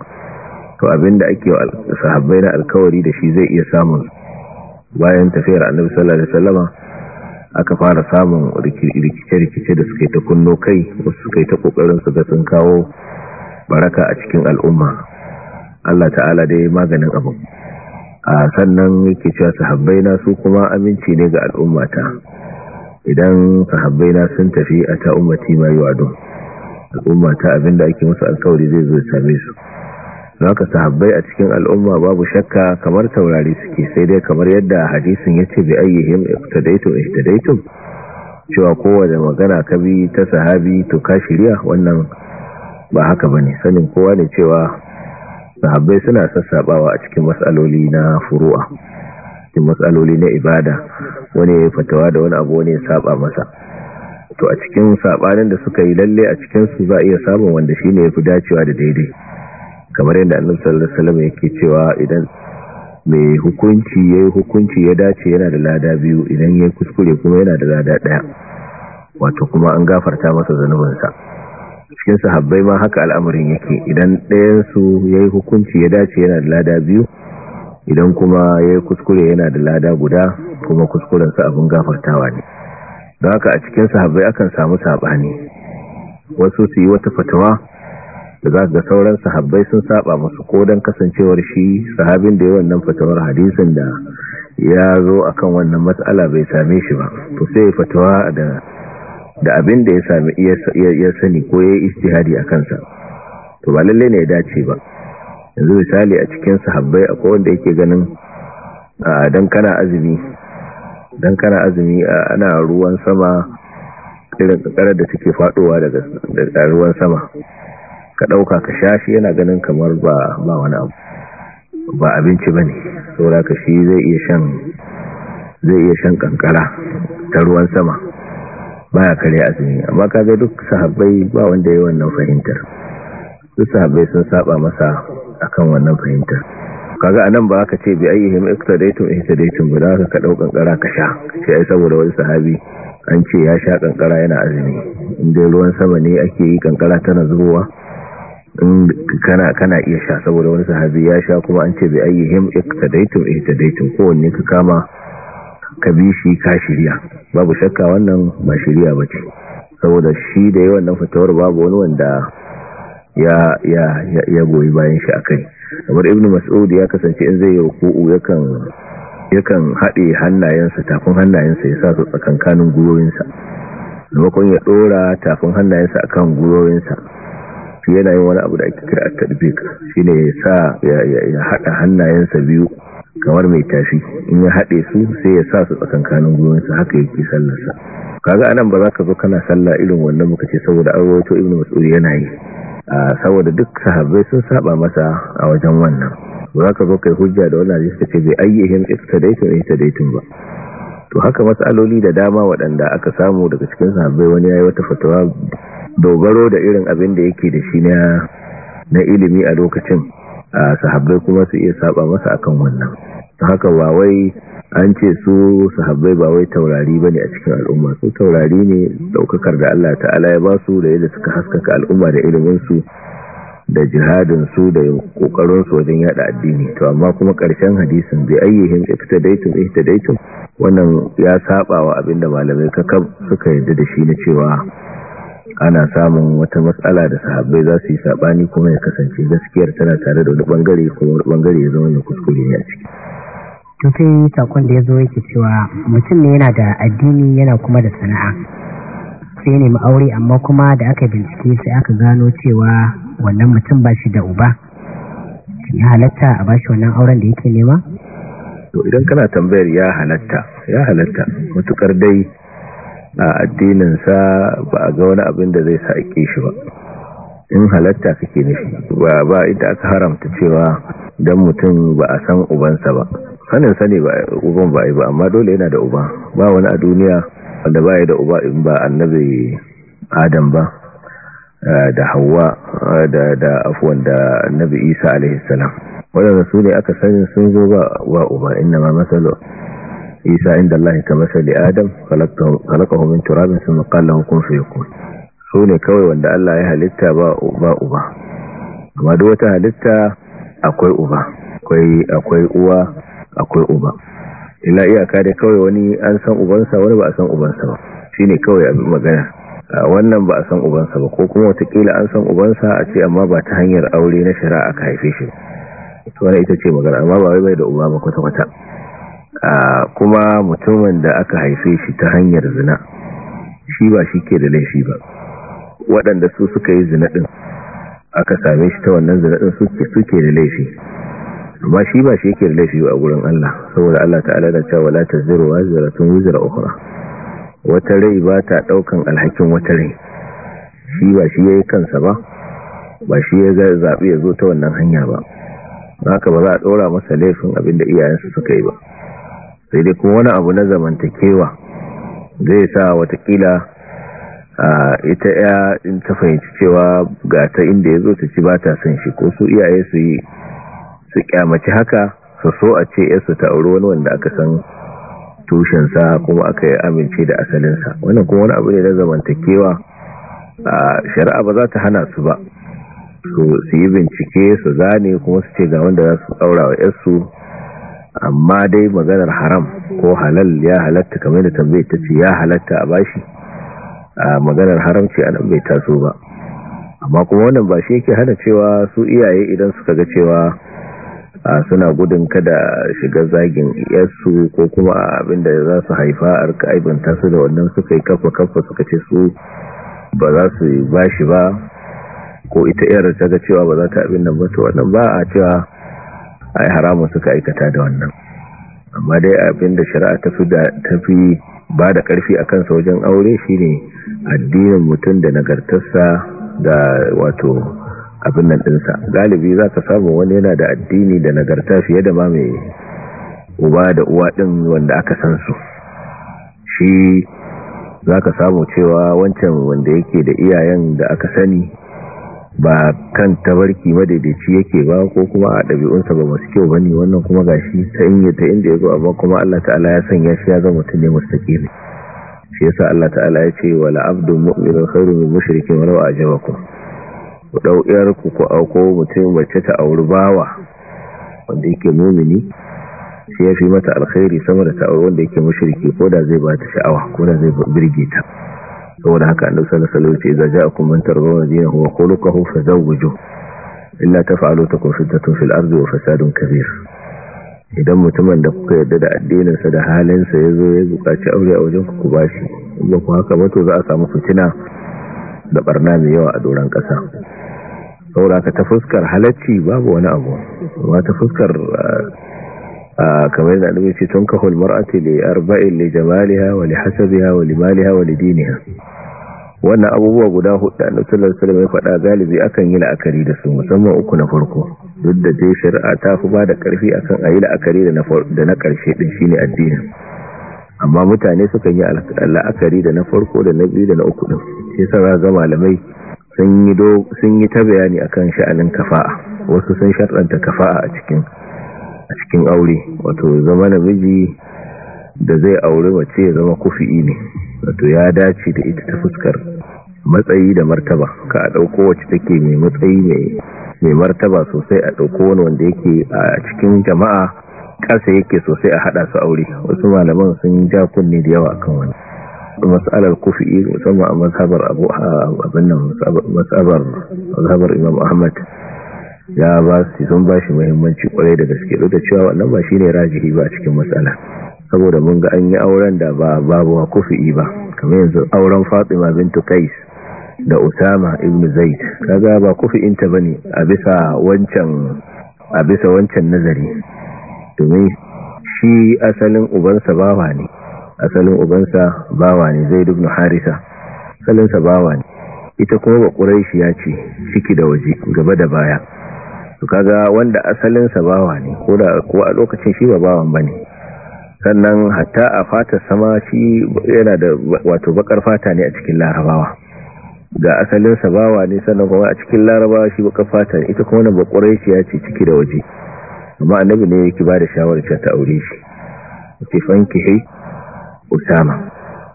to abinda ake wa sahabbai na alkawari da shi zai iya samun bayan tafiyar annabi sallallahu alaihi wasallama aka fara samun rikice-rikice da suka yi ta kunno kai wasu suka ta kokarin su ga sun kawo baraka a cikin al'umma Allah ta'ala dai maganin abu a sannan yake cewa sahabbai na su kuma aminci ne ga al'ummata idan sahabbaina sun tafi a ta ummati mai wado al'umma ta abinda ake musu alkawari zai zo same su haka sahabbai a cikin al'umma babu shakka kamar taurari suke sai dai kamar yadda hadisin yace bi ayyihim iqtadaytum ihtadaytum cewa da magana ka bi ta sahabi to ka shirya wannan ba haka bane sanin kowa ne cewa sahabbai suna sassabawa a cikin matsaloli na furu'a cikin matsaloli na ibada wani ya fatawa da wani abu wani ya saba masa to a cikin sabanin da suka yi lalle a cikin su za a iya samun wanda shi shine yafi dacewa da daidai kamar yadda annabi sallallahu alaihi wasallam yake cewa idan mai hukunci yayi hukunci ya dace yana da lada biyu idan yayi kuskure kuma yana da lada daya wato kuma an gafarta masa zanubansa cikin sahabbai ma haka al'amarin yake idan ɗayan su yi hukunci ya dace yana da lada biyu idan kuma ya yi kuskure yana da lada guda kuma kuskurensa abin gafartawa ne don haka a cikin sahabbai akan samu saɓani wasu su yi wata fatawa da za ga sauran sahabbai sun saba masu ko don kasancewar shi sahabin da ya wannan fatawar hadisin da ya zo akan wannan matsala bai same shi ba to sai ya fatawa da abin da ya sami iya sani ko ya yi istihadi a kansa to ba lallai ne ya dace ba yanzu misali a cikin sahabbai akwai wanda yake ganin dan kana azumi dan kana azumi ana ruwan sama irin kakarar da suke fadowa daga ruwan sama ka dauka ka shi yana ganin kamar ba ba wani abu ba abinci bane saboda ka shi zai iya shan zai kankara ta ruwan sama baya kare azumi amma ka ga duk sahabbai ba wanda yayi wannan fahimtar su bai sun saba masa akan wannan fahimta kaga anan ba ka ce bi ayyihim iktadaytum ihtadaytum ba za ka dau kankara ka sha ce ai saboda wani sahabi an ce ya sha kankara yana azumi inda ruwan sama ne ake yi kankara tana zubowa in kana kana iya sha saboda wani sahabi ya sha kuma an ce bi ayyihim iktadaytum ko kowanne ka kama ka bi shi ka shirya babu shakka wannan ba shirya bace saboda shi da yawan nan fitowar babu wani wanda ya goyi bayan shi akai kamar ibnu mas'ud ya kasance in zai kuu yakan yakan haɗe hannayensa tafin hannayensa ya sa su tsakankanin gwiwoyinsa maimakon ya ɗora tafin hannayensa akan guyoyinsa shi yana yin wani abu da ake kira at-tadbiq shine ya sa ya haɗa hannayensa biyu kamar mai tafi in ya haɗe su sai ya sa su tsakankanin guyoyinsa haka yake sallarsa kaga anan ba za ka zo kana sallah irin wannan muka ce saboda an ibnu mas'ud yana yi saboda duk sahabbai sun saba masa a wajen wannan za ka zo kai hujja da wannan hadisi kace bi ayyihim iktadaitu ta ihtadaitum ba to haka matsaloli da dama waɗanda aka samu daga cikin sahabbai wani yayi wata fatawa dogaro da irin abin da yake da shi na na ilimi a lokacin sahabbai kuma su iya saba masa akan wannan haka wawai an ce su sahabbai ba wai taurari ba ne a cikin al'umma su taurari ne daukakar da Allah ta'ala ya ba su da yadda suka haskaka al'umma da ilimin su da jihadin su da kokarin wajen yada addini to amma kuma karshen hadisin bi ayyihim iftadaitum ihtadaitum wannan ya saba wa abinda malamai kam suka yarda da shi na cewa ana samun wata matsala da sahabbai za su yi sabani kuma ya kasance gaskiyar tana tare da wani bangare kuma wani bangare ya zama ne kuskure ne a ciki to sakon da ya zo yake cewa mutum ne yana da addini yana kuma da sana'a sai nemi aure amma kuma da aka bincike sai aka gano cewa wannan mutum ba shi da uba ya halatta a ba shi wannan auren da yake nema to idan kana tambayar ya halatta ya halatta matukar dai a addininsa ba a ga wani abin da zai sa ake shi ba in halatta kake nufi ba ba ita aka haramta cewa dan mutum ba a san ubansa ba sanin sani ba uban ba ba amma dole yana da uba ba wani a duniya wanda ba da uba in ba annabi adam ba eh, da hawa eh, da da afwan da annabi isa alaihi salam wadanda su ne aka sani sun zo ba wa uba inna ma masalo isa inda allahi ka masali adam khalaqahu min turabin sun qala lahu kun fayakun su ne kawai wanda Allah ya halitta ba uba uba amma duk wata halitta akwai uba akwai uwa akwai uba illa iyaka da kawai wani an san ubansa wani ba a san ubansa ba shine kawai abin magana wannan ba a san ubansa ba ko kuma watakila an san ubansa a ce amma ba ta hanyar aure na shari'a ka haife shi wani ita ce magana amma ba wai bai da uba ba kwata-kwata kuma mutumin da aka haife shi ta hanyar zina shi ba shi ke da laifi ba waɗanda su suka yi zinaɗin aka same shi ta wannan zinaɗin suke da laifi amma shi ba shi yake da laifi a gurin Allah saboda Allah ta'ala da cewa la taziru wa ziratun wizra ukhra wata rai ba ta daukan alhakin wata rai shi ba shi yayi kansa ba ba shi ya zabi ya zo ta wannan hanya ba haka ba za a dora masa laifin abin da iyayensa suka yi ba sai dai kuma wani abu na zamantakewa zai sa watakila ita ya in ta fahimci cewa ga ta inda ya zo ta ci ba ta san shi ko su iyaye su yi su kyamaci haka su so a ce yarsu ta auri wani wanda aka san tushensa kuma aka yi amince da asalinsa wannan kuma wani abu ne na zamantakewa a shari'a ba za ta hana su ba su yi bincike su zane kuma su ce ga wanda za su tsaura wa yarsu amma dai maganar haram ko halal ya halatta kamar da tambayar ta ce ya halatta a bashi A maganar haramci a nan bai taso ba amma kuma wannan ba shi yake hana cewa su iyaye idan suka ga cewa suna gudun kada shiga zagin iyarsu ko kuma abin za su haifa a rika aibin da wannan suka yi kafa kafa suka ce su ba za su ba shi ba ko ita iyar ta ga cewa ba za ta abin nan mutu wannan ba a cewa yi haramun suka aikata da wannan amma dai abinda shari'a ta fi ba da ƙarfi a kansa wajen aure shine addinin mutum da nagartarsa da wato abin nan ɗinsa galibi za ka samu wani yana da addini da nagarta fiye da ma mai uba da uwa ɗin wanda aka san su shi za ka samu cewa wancan wanda yake da iyayen da aka sani ba kan tabarki madaidaici yake ba ko kuma a ɗabi'unsa ba masu kyau bane wannan kuma gashi ta inye ta inda ya zo amma kuma Allah ta'ala ya sanya shi ya zama mutum ne mustaqimi shi yasa Allah ta'ala ya ce wala abdun mu'minun khairu min mushrikin walau ajabakum ku dau iyar ku ku mutum mace ta auri bawa wanda yake mumini shi yafi mata alkhairi sama da ta auri wanda yake mushriki ko da zai ba ta sha'awa ko da zai birge ta saboda haka annabi sallallahu alaihi wasallam ya ce idza ja'akum man tarbawna dinahu wa khuluquhu fazawwijuhu illa taf'alu takun fitnatun fil ardi wa fasadun kabir idan mutumin da kuka yarda da addininsa da halinsa ya zo ya bukaci aure a wajen ku ba shi ba ku haka ba to za a samu fitina da barna mai yawa a doron ƙasa saboda ka ta fuskar halacci babu wani abu ba ta fuskar ah, ah, kamar da annabi ce tun kahul mar'ati li arba'in li jamaliha wa li hasabiha wa li maliha wa li diniha wannan abubuwa guda hudu da sallallahu alaihi wasallam ya faɗa galibi akan yi la'akari da su musamman uku na farko duk da dai shari'a ta fi ba da karfi akan a la'akari da na da na karshe din shine addini amma mutane sukan yi la'akari da na farko da na biyu da na uku din sai sa ga malamai sun yi ta bayani akan sha'anin kafa'a wasu sun sharɗanta kafa'a a cikin aure wato zama namiji da zai aure mace ya zama kufi'i ne wato ya dace da ita ta fuskar matsayi da martaba ka a ɗauko wacce take mai matsayi mai martaba sosai a ɗauko wani wanda yake a cikin jama'a ƙasa yake sosai a haɗa su aure wasu malaman sun ja kunne da yawa kan wani matsalar kufi'i musamman a mazhabar abu abin nan mazhabar imam ahmad ya ba su sun ba shi muhimmanci kwarai da gaske duk da cewa wannan ba shi ne rajihi ba a cikin matsala saboda mun ga an yi auren da ba babu wa kufi ba kamar yanzu auren fatima bintu kais da usama ibn zaid kaga ba kufi inta bane a bisa wancan a bisa wancan nazari domin shi asalin ubansa bawa ne asalin ubansa bawa ne zaid ibn harisa asalinsa bawa ne ita kuma ba quraishi ya ce ciki da waje gaba da baya to kaga wanda asalin sa bawa ne ko da ko a lokacin shi ba bawan bane sannan hatta a fata sama shi yana da wato bakar fata ne a cikin larabawa ga asalin sabawa ne sannan kuma a cikin larabawa shi bakar fata ne ita kuma na bakwarai shi ya ce ciki da waje amma annabi ne ki ba da shawarar cewa ta aure shi ce hei, usama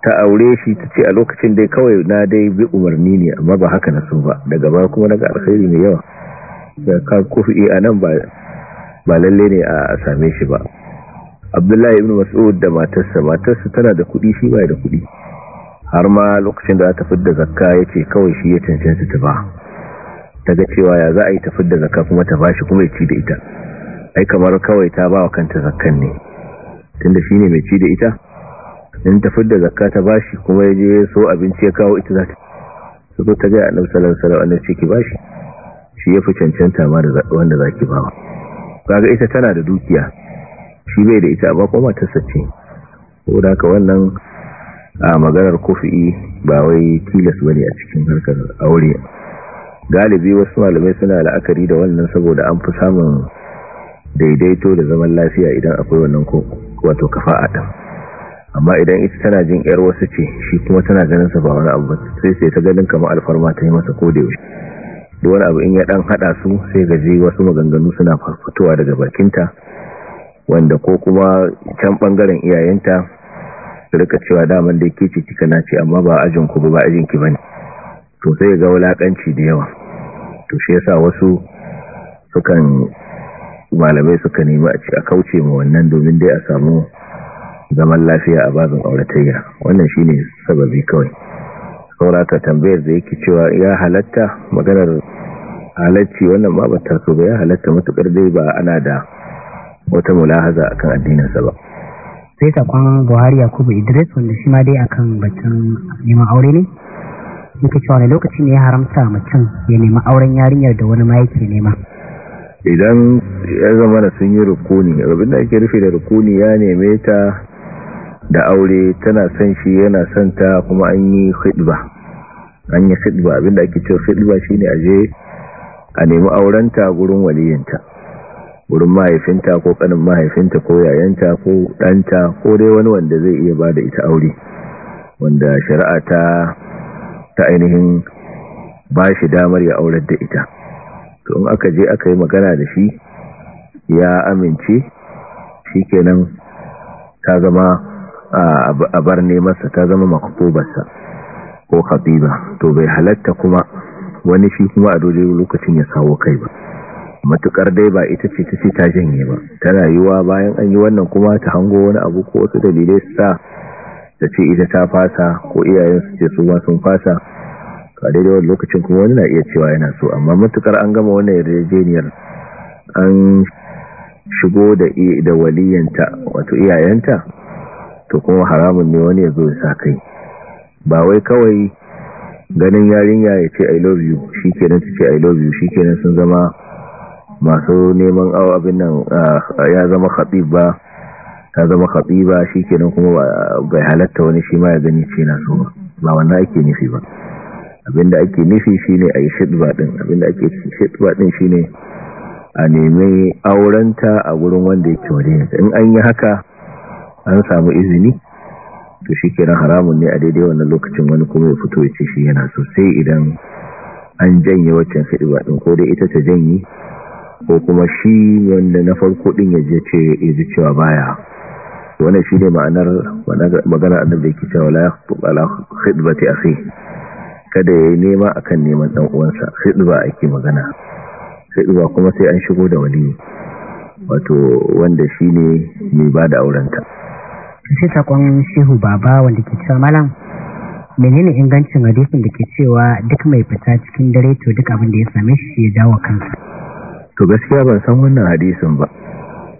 ta aure shi ta ce a lokacin dai kawai na dai bi umarni ne amma ba haka na so ba daga baya kuma na ga alkhairi mai yawa da ka kufi eh, a nan ba lalle ne a same shi ba abdullahi ibn mas'ud da matarsa matarsa tana da kuɗi shi bai da kuɗi har ma lokacin da ta fidda zakka yace kawai shi ya cancanta ta ba ta ga cewa ya za a yi ta fidda zakka kuma ta bashi kuma ya ci da ita ai kamar kawai ta ba kanta zakkan ne tunda shine mai ci da ita in ta fidda zakka ta bashi kuma ya je so abinci ya kawo ita za ta ta ga annabi sallallahu alaihi wasallam annabi ki bashi shi ya fi cancanta ma da wanda zaki ba. kaga ita tana da dukiya shi bai da ita ba kuma ta sace da ka wannan a maganar kufi ba wai tilas bane a cikin harkar aure galibi wasu malamai suna la'akari da wannan saboda an fi samun daidaito da zaman lafiya idan akwai wannan wato kafa'a ɗan. amma idan ita tana jin yar wasu ce shi kuma tana ganin sa ba wani abu sai sai ta ganin kamar alfarma ta yi masa ko da yaushe duk wani abu in ya ɗan haɗa su sai gaji wasu maganganu suna fitowa daga bakinta wanda ko kuma can bangaren iyayenta su rika cewa daman da ke ciki kana ce amma ba ajin ku ba ajin ki bane to sai ga wulakanci da yawa to shi yasa wasu sukan malamai suka nemi a ci a kauce ma wannan domin dai a samu zaman lafiya a bazin auratayya wannan shine sababi kawai ka tambayar da yake cewa ya halatta maganar halacci wannan ma ba ta ba ya halatta matukar dai ba ana da wata mulahaza akan addininsa ba sai sakon buhari yakubu idris wanda shi ma dai akan batun neman aure ne yake cewa wani lokaci ne ya haramta mutum ya nema auren yarinyar da wani ma yake nema idan ya zama da sun yi rukuni abin da ake rufe da rukuni ya neme ta da aure tana son shi yana son ta kuma an yi khidba an yi abin da ake cewa khidba shine aje a nemi aurenta gurin waliyinta wurin mahaifinta ko kanin mahaifinta ko yayanta ko ɗanta ko dai wani wanda zai iya ba da ita aure wanda shari'a ta ta ainihin ba shi damar ya aurar da ita to in aka je aka yi magana da shi ya amince shi kenan ta zama a bar nemarsa ta zama makafobarsa ko Habiba. to bai halatta kuma wani shi kuma a dole lokacin ya kawo kai ba matukar dai ba ita ce ta ce ta janye ba tana yiwa bayan an yi wannan kuma ta hango wani abu ko wasu dalilai su sa ta ce ita ta fasa ko iyayen su ce su ma sun fasa ka daidai wani lokacin kuma wani na iya cewa yana so amma matukar an gama wannan yarjejeniyar an shigo da da waliyanta wato iyayenta to kuma haramun ne wani ya zo ya sa kai ba wai kawai ganin yarinya ya ce i love you shikenan ta ce i love you shikenan sun zama masu neman awa abin nan ya zama khatib ta zama khatiba shikenan kuma bai halatta wani shi ma ya gani ce na so ba ba wannan ake nufi ba abinda ake nufi shine yi shidba din abinda ake shidba din shine a nemi aurenta a wurin wanda yake wadanta in an yi haka an samu izini to shikenan haramun ne a daidai wannan lokacin wani kuma ya fito ya ce shi yana sosai idan an janye waccan shidba din ko dai ita ta janye ko kuma shi wanda na farko din ya je ce ya cewa baya wannan shi ne ma'anar magana annabi da yake cewa la yakhthub ala khidbati akhi kada yayi nema akan neman dan uwansa khidba ake magana khidba kuma sai an shigo da wali wato wanda shi ne mai ba da aurenta shi sakon shehu baba wanda ke cewa malam menene ingancin hadisin da ke cewa duk mai fita cikin dare to duk abin da ya same shi ya dawo kansa to gaskiya ban san wannan hadisin ba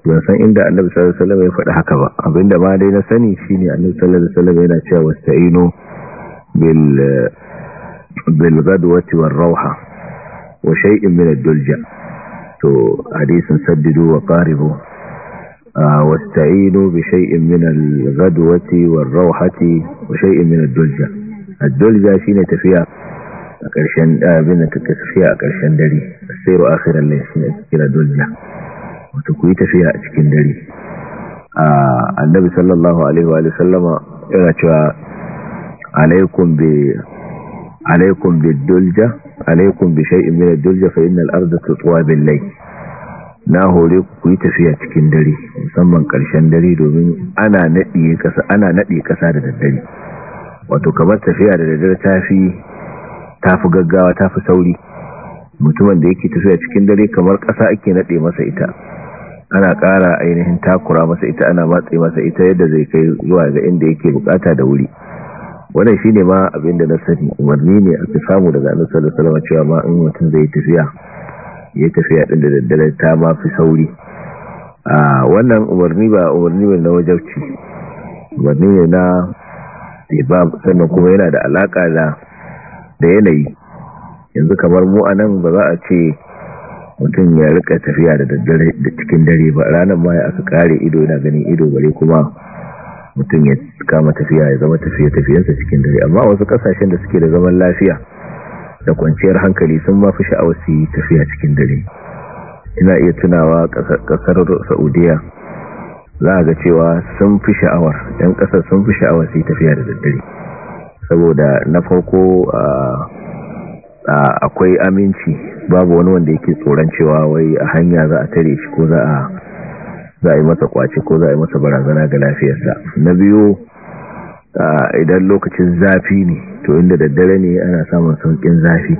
ban san inda annabi sallallahu alaihi wasallam ya faɗi haka ba abinda ma dai na sani shine annabi sallallahu alaihi wasallam yana cewa wasta'inu bil bil gadwati war rawha wa shay'in min ad-dulja to hadisin saddidu wa qaribu wasta'inu bi shay'in min al gadwati war rawhati wa shay'in min ad-dulja ad-dulja shine tafiya a ƙarshen abin da kake tafiya a ƙarshen dare sai ro akhiran lai shi ne kira dulja wato ku yi tafiya a cikin dare annabi sallallahu alaihi wa sallama yana cewa alaikum bi alaikum bi dulja alaikum bi shay'in min dulja fa innal arda tatwa bil layl na hore ku yi tafiya cikin dare musamman ƙarshen dare domin ana nadi kasa ana nadi kasa da daddare wato kamar tafiya da daddare ta fi tafi gaggawa ta fi sauri mutumin da yake tafiya cikin dare kamar ƙasa ake naɗe masa ita ana ƙara ainihin takura masa ita ana matse masa ita yadda zai kai zuwa ga inda yake bukata da wuri wannan shine ma abin da na sani umarni ne aka samu daga annabi sallallahu alaihi cewa ma in mutum zai tafiya ya tafiya din da daddare ta ma fi sauri a wannan umarni ba umarni ne na wajabci umarni ne na ba sannan kuma yana da alaka da da yanayi yanzu kamar mu a nan ba za a ce mutum ya rika tafiya da daddare da cikin dare ba ranar ma aka kare ido yana ganin ido bare kuma mutum ya kama tafiya ya zama tafiya tafiyarsa cikin dare amma wasu kasashen da suke da zaman lafiya da kwanciyar hankali sun ma fi sha'awar su tafiya cikin dare ina iya tunawa kasar saudiya za a ga cewa sun fi sha'awar 'yan ƙasar sun fi sha'awar su tafiya da daddare saboda na farko akwai aminci babu wani wanda yake tsoron cewa wai a hanya za a tare shi ko za a za a yi masa kwace ko za a yi masa barazana ga lafiyarsa na biyu idan lokacin zafi ne to inda daddare ne ana samun saukin zafi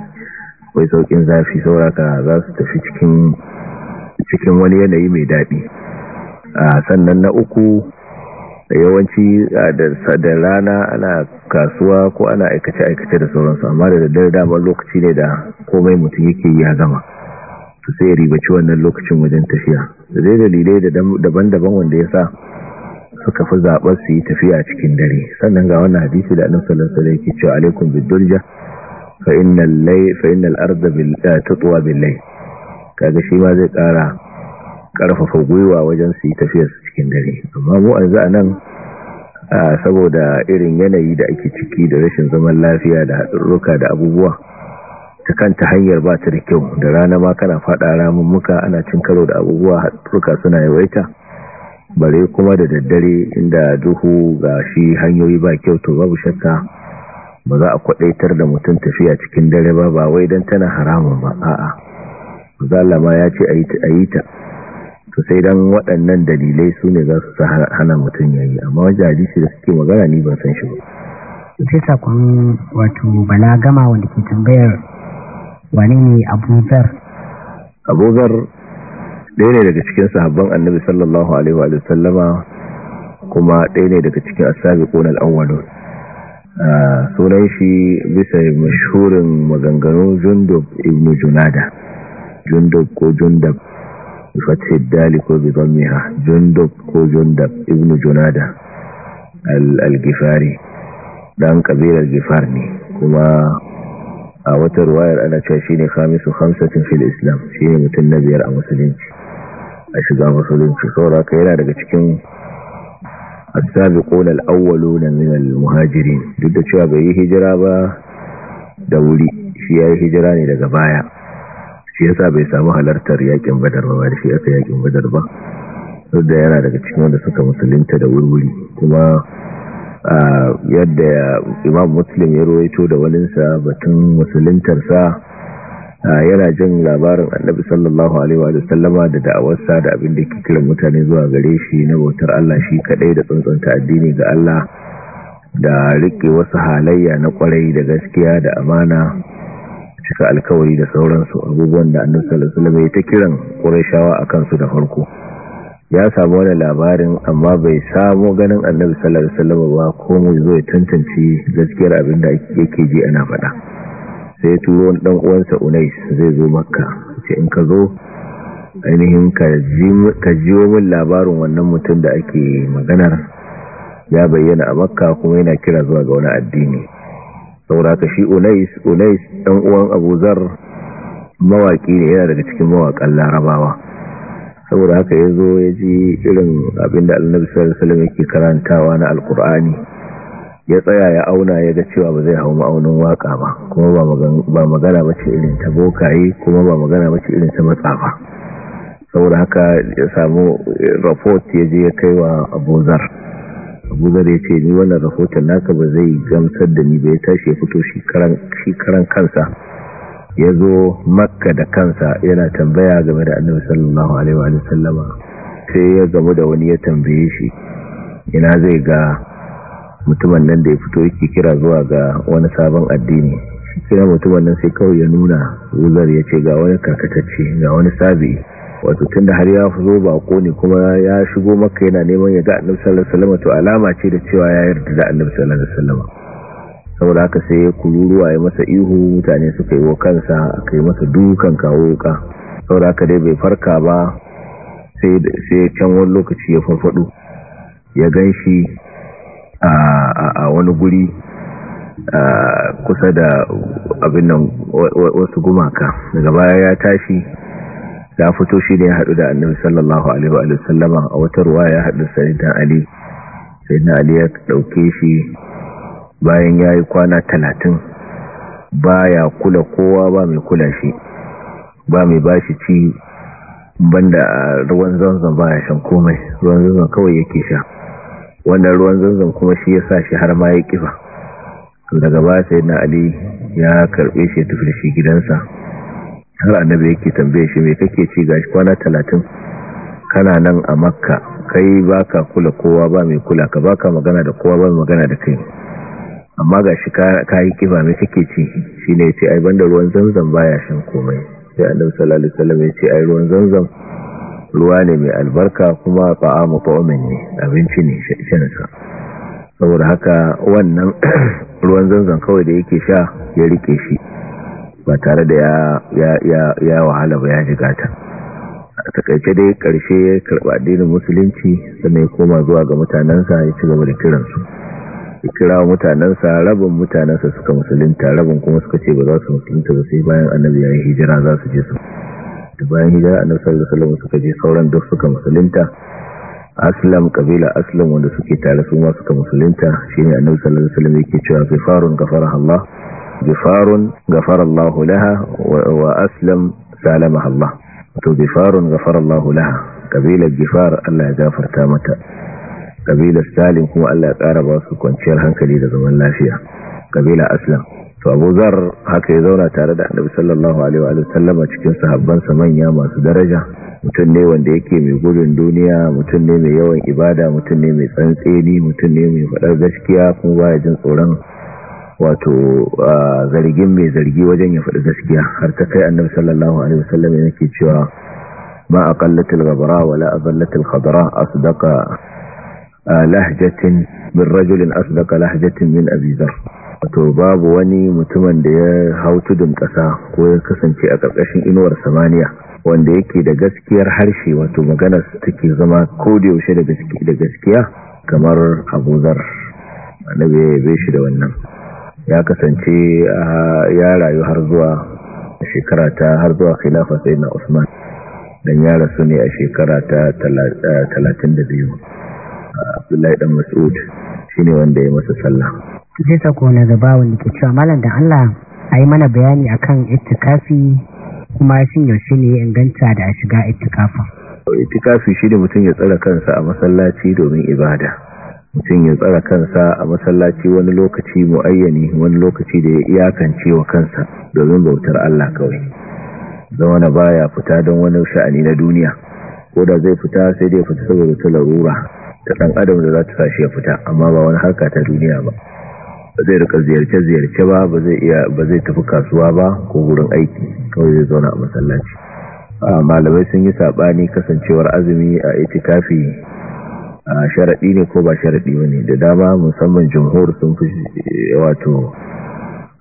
wai saukin zafi sauraka za su tafi cikin cikin wani yanayi mai daɗi sannan na uku da yawanci da rana ana kasuwa ko ana aikace-aikace da sauransu amma da daddare damar lokaci ne da komai mutum yake ya gama su sai ribaci wannan lokacin wajen tafiya da zai dalilai daban-daban wanda ya sa suka fi zaɓar su yi tafiya cikin dare sannan ga wannan hadisi da annabi sallallahu da yake cewa alaikum bidurja fa innal lay fa innal eh, kaga shi ma zai ƙara karfafa gwiwa wajen su yi tafiyar su cikin dare amma mu an za nan saboda irin yanayi da ake ciki da rashin zaman lafiya da haɗurruka da abubuwa ta kanta hanyar ba ta da kyau da rana ma kana faɗa ramun muka ana cin karo da abubuwa haɗurruka suna yawaita bare kuma da daddare inda duhu ga shi hanyoyi ba kyau to babu shakka ba za a kwadaitar da mutum tafiya cikin dare ba ba wai don tana haramun ba a'a zalama ya ce a yi ta to sai dan waɗannan dalilai su ne za su sa hana mutum ya yi amma wajen hadisi da suke magana ni ban san shi ba sai sakon wato bala gama wanda ke tambayar wane ne abuzar abuzar ɗaya ne daga cikin sahabban annabi sallallahu alaihi wa sallama kuma ɗaya ne daga cikin asabi al-awwalun sunan shi bisa mashhurin maganganu jundub ibn junada jundub ko jundab bi fathid dali ko bi dhammiha jundub ko jundab ibnu junada al-gifari dan kabilar gifar ne kuma a wata ruwayar ana cewa shine khamisu Hamsatin fil islam shine mutum na biyar a musulunci a shiga musulunci saboda kai yana daga cikin as ƙonal al-awwaluna min al-muhajirin duk da cewa bai yi hijira ba da wuri shi ya yi hijira ne daga baya shi yasa bai samu halartar yakin badar ba da shi aka yakin badar ba da yana daga cikin wanda suka musulunta da wurwuri kuma yadda imam muslim ya rawaito da walinsa batun musuluntarsa yana jin labarin annabi sallallahu alaihi wa sallama da da'awarsa da abin da ke kiran mutane zuwa gare shi na bautar Allah shi kadai da tsantsanta addini ga Allah da rike wasu halayya na kwarai da gaskiya da amana cika alkawari da sauransu abubuwan da annabi sallallahu alaihi wasallam ya ta kiran qurayshawa akan su da farko ya samu wani labarin amma bai samu ganin annabi sallallahu alaihi wasallam ba ko mu zo ya tantance gaskiyar abin da yake ji ana faɗa sai ya turo wani dan uwansa Unais zai zo Makka ce in ka zo ainihin ka jiwo min labarin wannan mutum da ake maganar ya bayyana a Makka kuma yana kira zuwa ga wani addini sauraka shi unais unais ɗan uwan abuzar mawaƙi ne yana daga cikin mawakan larabawa saboda haka ya zo ya ji irin abinda annabi sallallahu alaihi yake karantawa na alkur'ani ya tsaya ya auna ya ga cewa ba zai hau ma'aunin waka ba kuma ba magana ba ce irin ta bokaye kuma ba magana ba ce irin ta matsafa saboda haka ya samu rapport ya je ya kai wa abuzar abu ya ce ni wannan rahoton naka ba zai gamsar da ni ba ya tashi ya fito shi karan kansa ya zo makka da kansa yana tambaya game da annabi sallallahu alaihi wa sallama sai ya gamu da wani ya tambaye shi ina zai ga mutumin nan da ya fito yake kira zuwa ga wani sabon addini Kira mutumin nan sai kawai ya nuna wuzar ya ce ga wani karkatacce ga wani sabi wato tun da har ya zo bako ne kuma ya shigo maka yana neman ya ga annabi sallallahu alaihi wasallam to alama ce da cewa ya yarda da annabi sallallahu alaihi wasallam saboda haka sai ya kururuwa ya masa ihu mutane suka yi wa kansa aka yi masa dukan kawo saboda haka dai bai farka ba sai sai can wani lokaci ya farfado ya ganshi a wani guri kusa da abin nan wasu gumaka daga baya ya tashi ya fito shi ne ya haɗu da annabi sallallahu alaihi wa sallama a wata ruwa ya haɗu sayyidina ali sayyidina ali ya ɗauke shi bayan ya yi kwana talatin ba ya kula kowa ba mai kula shi ba mai bashi ci banda ruwan zanzan ba ya shan komai ruwan zanzan kawai yake sha wannan ruwan zanzan kuma shi ya sa shi har ma ya kifa daga ba sayyidina ali ya karɓe shi ya tafi shi gidansa har annabi yake tambaye shi me kake ci gashi kwana talatin kana nan a makka kai baka kula kowa ba mai kula ka baka magana da kowa ba magana da kai amma gashi ka yi kiba me kake ci shine yace ai banda ruwan zanzan baya shan komai sai annabi sallallahu alaihi wasallam yace ai ruwan zanzan ruwa ne mai albarka kuma ta'amu ta'amin ne abinci ne shi shansa saboda haka wannan ruwan zanzan kawai da yake sha ya rike shi ba tare da ya wahala ba ya shiga ta a takaice dai karshe ya karɓa addinin musulunci sannan ya koma zuwa ga mutanansa ya ci gaba da kiransu ya kira mutanansa rabin mutanensa suka musulunta rabin kuma suka ce ba za su musulunta ba sai bayan annabi ya yi hijira za su je su da bayan hijira annabi sallallahu alaihi wasallam suka je sauran duk suka musulunta aslam kabila aslam wanda suke tare su ma suka musulunta shine annabi sallallahu alaihi wasallam yake cewa farun Gafar, Allah Gifarun gafarallahu laha wa aslam salamaha Allah to bifarun gafarallahu laha kabilar gifar Allah ya gafarta mata kabilar salim kuma Allah ya ƙara ba su kwanciyar hankali da zaman lafiya kabila aslam to abu haka ya zauna tare da annabi sallallahu alaihi wa sallama cikin sahabbansa manya masu daraja mutum ne wanda yake mai gudun duniya mutum ne mai yawan ibada mutum ne mai tsantseni mutum ne mai faɗar gaskiya kuma baya jin tsoron wato zargin mai zargi wajen ya faɗi gaskiya har ta kai annabi sallallahu alaihi wasallam ya ke cewa a aqallatul ghabara wala azallatul khadra asdaqa lahjatin min rajulin asdaqa lahjatin min abizar wato babu wani mutumin da ya hau tudun ƙasa ko ya kasance a ƙarƙashin inuwar samaniya wanda yake da gaskiyar harshe wato magana take zama ko da gaskiya kamar abuzar annabi ya yabe shi da wannan ya kasance ya rayu har zuwa shekara ta har zuwa khilafa sai na usman dan ya rasu ne a shekara ta 32 abdullahi dan mas'ud shine wanda ya masa sallah sai sako na gaba wanda ke cewa malam da Allah a mana bayani akan ittikafi kuma shin yaushe ne inganta da shiga ittikafa itikafi shi da mutum ya tsara kansa a masallaci domin ibada mutum ya tsara kansa a masallaci wani lokaci muayyani wani lokaci da ya iyakance wa kansa domin bautar Allah kawai zama na baya fita don wani sha'ani na duniya ko da zai fita sai dai fita saboda ta larura ta ɗan adam da za ta sashi ya fita amma ba wani harka ta duniya ba ba zai rika ziyarce ziyarce ba ba zai tafi kasuwa ba ko wurin aiki kawai zai zauna a masallaci ah, malamai sun yi saɓani kasancewar azumi a itikafi sharaɗi ne ko ba sharaɗi ba ne da dama musamman jamhur sun fi wato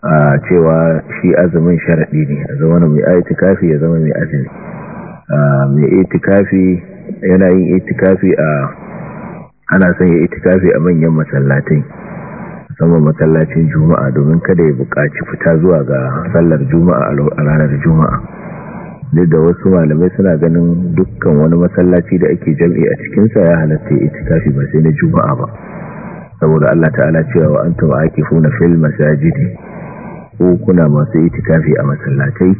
a cewa shi azumin sharaɗi ne a zama mai aitikafi ya zama mai azumi mai aitikafi yana yin aitikafi a ana son ya aitikafi a manyan masallatai musamman masallacin juma'a domin kada ya buƙaci fita zuwa ga sallar juma'a a ranar juma'a duk da wasu malamai suna ganin dukkan wani masallaci da ake jam'i a cikinsa ya halatta ya itikafi ba sai na juma'a ba saboda Allah ta'ala cewa wa antum aakifuna fil masajidi ko kuna masu itikafi a masallatai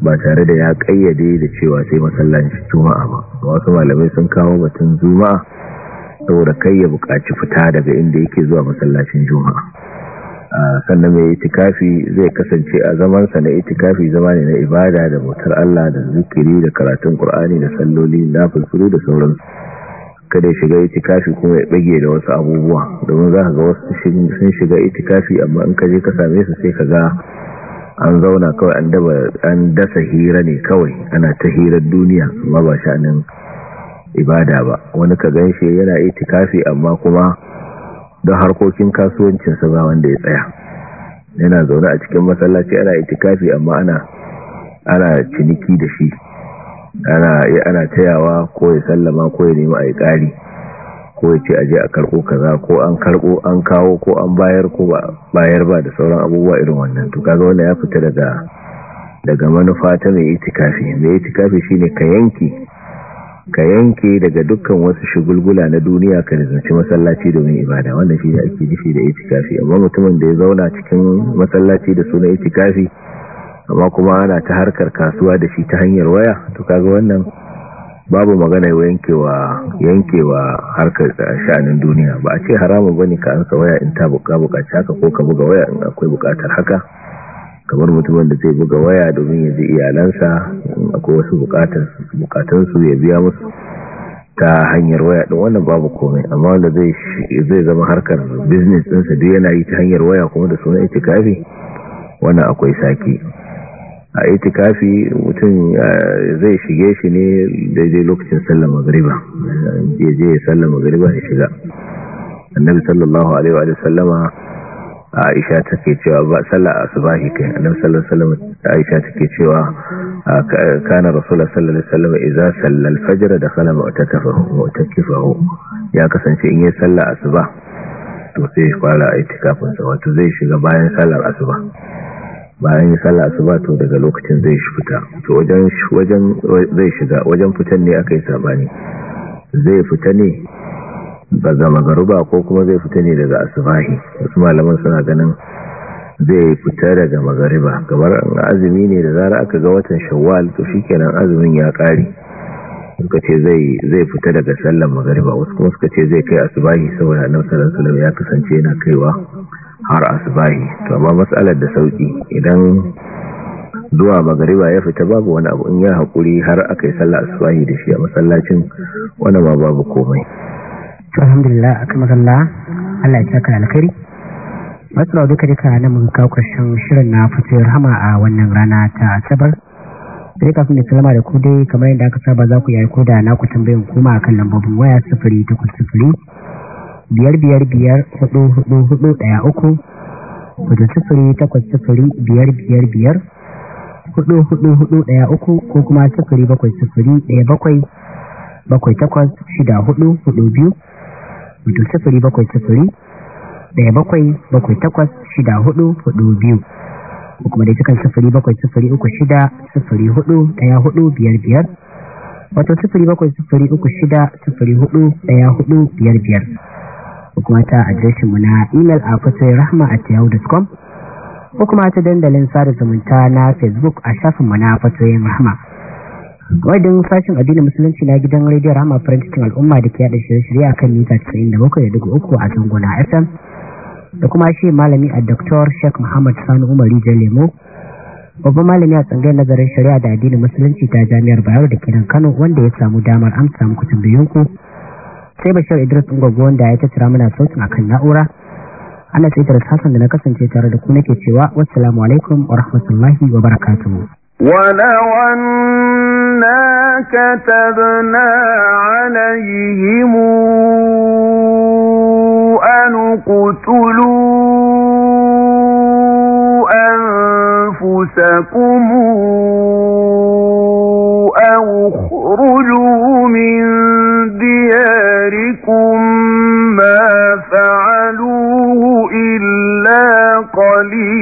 ba tare da ya kayyade da cewa sai masallaci juma'a ba wasu malamai sun kawo batun juma'a saboda kai ya buƙaci fita daga inda yake zuwa masallacin juma'a sannan mai itikafi zai kasance a zamansa na itikafi zama ne na ibada da motar Allah da zikiri da karatun Qur'ani da salloli na fulfuru da sauransu kada ya shiga itikafi kuma ya bage da wasu abubuwa domin za ka ga wasu sun shiga itikafi amma in ka je ka same su sai ka ga an zauna kawai an daba an dasa hira ne kawai ana ta hirar duniya amma ba sha'anin ibada ba wani ka ganshi yana itikafi amma kuma don harkokin kasuwancinsa ba wanda ya tsaya yana zaune a cikin masallaci ana itikafi amma ana ana ciniki da shi ana ana tayawa ko ya sallama ko ya nemi yi ƙari ko ya ce aje a karko kaza ko an karɓo an kawo ko an bayar ko ba bayar ba da sauran abubuwa irin wannan to kaga wannan ya fita daga daga manufa ta mai itikafi mai itikafi shine ka yanki ka yanke daga dukkan wasu shugulgula na duniya ka rizanci masallaci domin ibada wanda shi ake jifi da itikafi amma mutumin da ya zauna cikin masallaci da suna itikafi amma kuma ana ta harkar kasuwa da shi ta hanyar waya to kaga wannan babu magana yankewa yankewa harkar sha'anin duniya ba a ce haramun bane ka ansa waya in ta buƙa buƙaci haka ko ka buga waya in akwai bukatar haka kamar mutum wanda zai buga waya domin ya ji iyalansa akwai wasu bukatansu ya biya musu ta hanyar waya ɗin wannan babu komai amma wanda zai zama harkar biznes ɗinsa duk yana yi ta hanyar waya kuma da suna itikafi wannan akwai saki a itikafi mutum zai shige shi ne daidai lokacin sallar magariba je je sallar magariba ya shiga annabi sallallahu alaihi wa sallama aisha take cewa ba sallah asubahi kai annabi sallallahu alaihi wasallam aisha take cewa kana rasulullah sallallahu alaihi wasallam idza salla al-fajr dakhala mu'takafahu mu'takafahu ya kasance in yi sallah asuba to sai ya fara itikafin sa wato zai shiga bayan sallar asuba bayan yi sallar asuba to daga lokacin zai fita to wajen wajen zai shiga wajen fitan ne akai sabani zai fita ne daga magariba ko kuma zai fita ne daga asubahi wasu malaman suna ganin zai fita daga magariba kamar an azumi ne da zara aka ga watan shawwal to kenan azumin ya kare suka ce zai fita daga sallar magariba wasu kuma suka ce zai kai asubahi saboda annabi sallallahu alaihi ya kasance yana kaiwa har asubahi to amma matsalar da sauki idan zuwa magariba ya fita babu wani abu in ya hakuri har aka yi sallar asubahi da shi a masallacin wannan ma babu komai alhamdulillah a kamar Allah Allah ya saka alkhairi duka na mun kawo ƙarshen shirin na fito rahama a wannan rana ta asabar sai kafin da salama da ku dai kamar yadda aka saba za ku yi ko da na ku tambayin kuma kan lambobin waya sifiri takwas biyar biyar biyar hudu hudu hudu ɗaya uku takwas biyar biyar biyar hudu hudu hudu uku ko kuma bakwai bakwai bakwai takwas shida hudu hudu biyu wato sifiri bakwai sifiri daya bakwai bakwai takwas shida hudu hudu biyu ko kuma da cikin sifiri bakwai sifiri uku shida sifiri hudu daya hudu biyar biyar wato sifiri bakwai sifiri uku shida sifiri hudu daya hudu biyar biyar ko kuma ta mu na imel a fatoyin rahama a yahoo.com ko kuma ta dandalin sada zumunta na facebook a mu na fatoyin rahama wadin sashen addinin musulunci na gidan radio rama cikin al'umma da ke yada shirye-shirye a akan mita 97.3 a tangona fm da kuma shi malami a dr sheik muhammad sani umaru lemo. babban malami a tsangayar nazarin shari'a da addinin musulunci ta jami'ar bayar da kiran kano wanda ya samu damar amsa muku ku. sai bashar idris ungwaggo wanda ya tattara mana sautin akan na'ura ana tsaitar sassan da na kasance tare da ku nake cewa wassalamu alaikum wa rahmatullahi wa barakatuhu إنا كتبنا عليهم أن اقتلوا أنفسكم أو اخرجوا من دياركم ما فعلوه إلا قليلا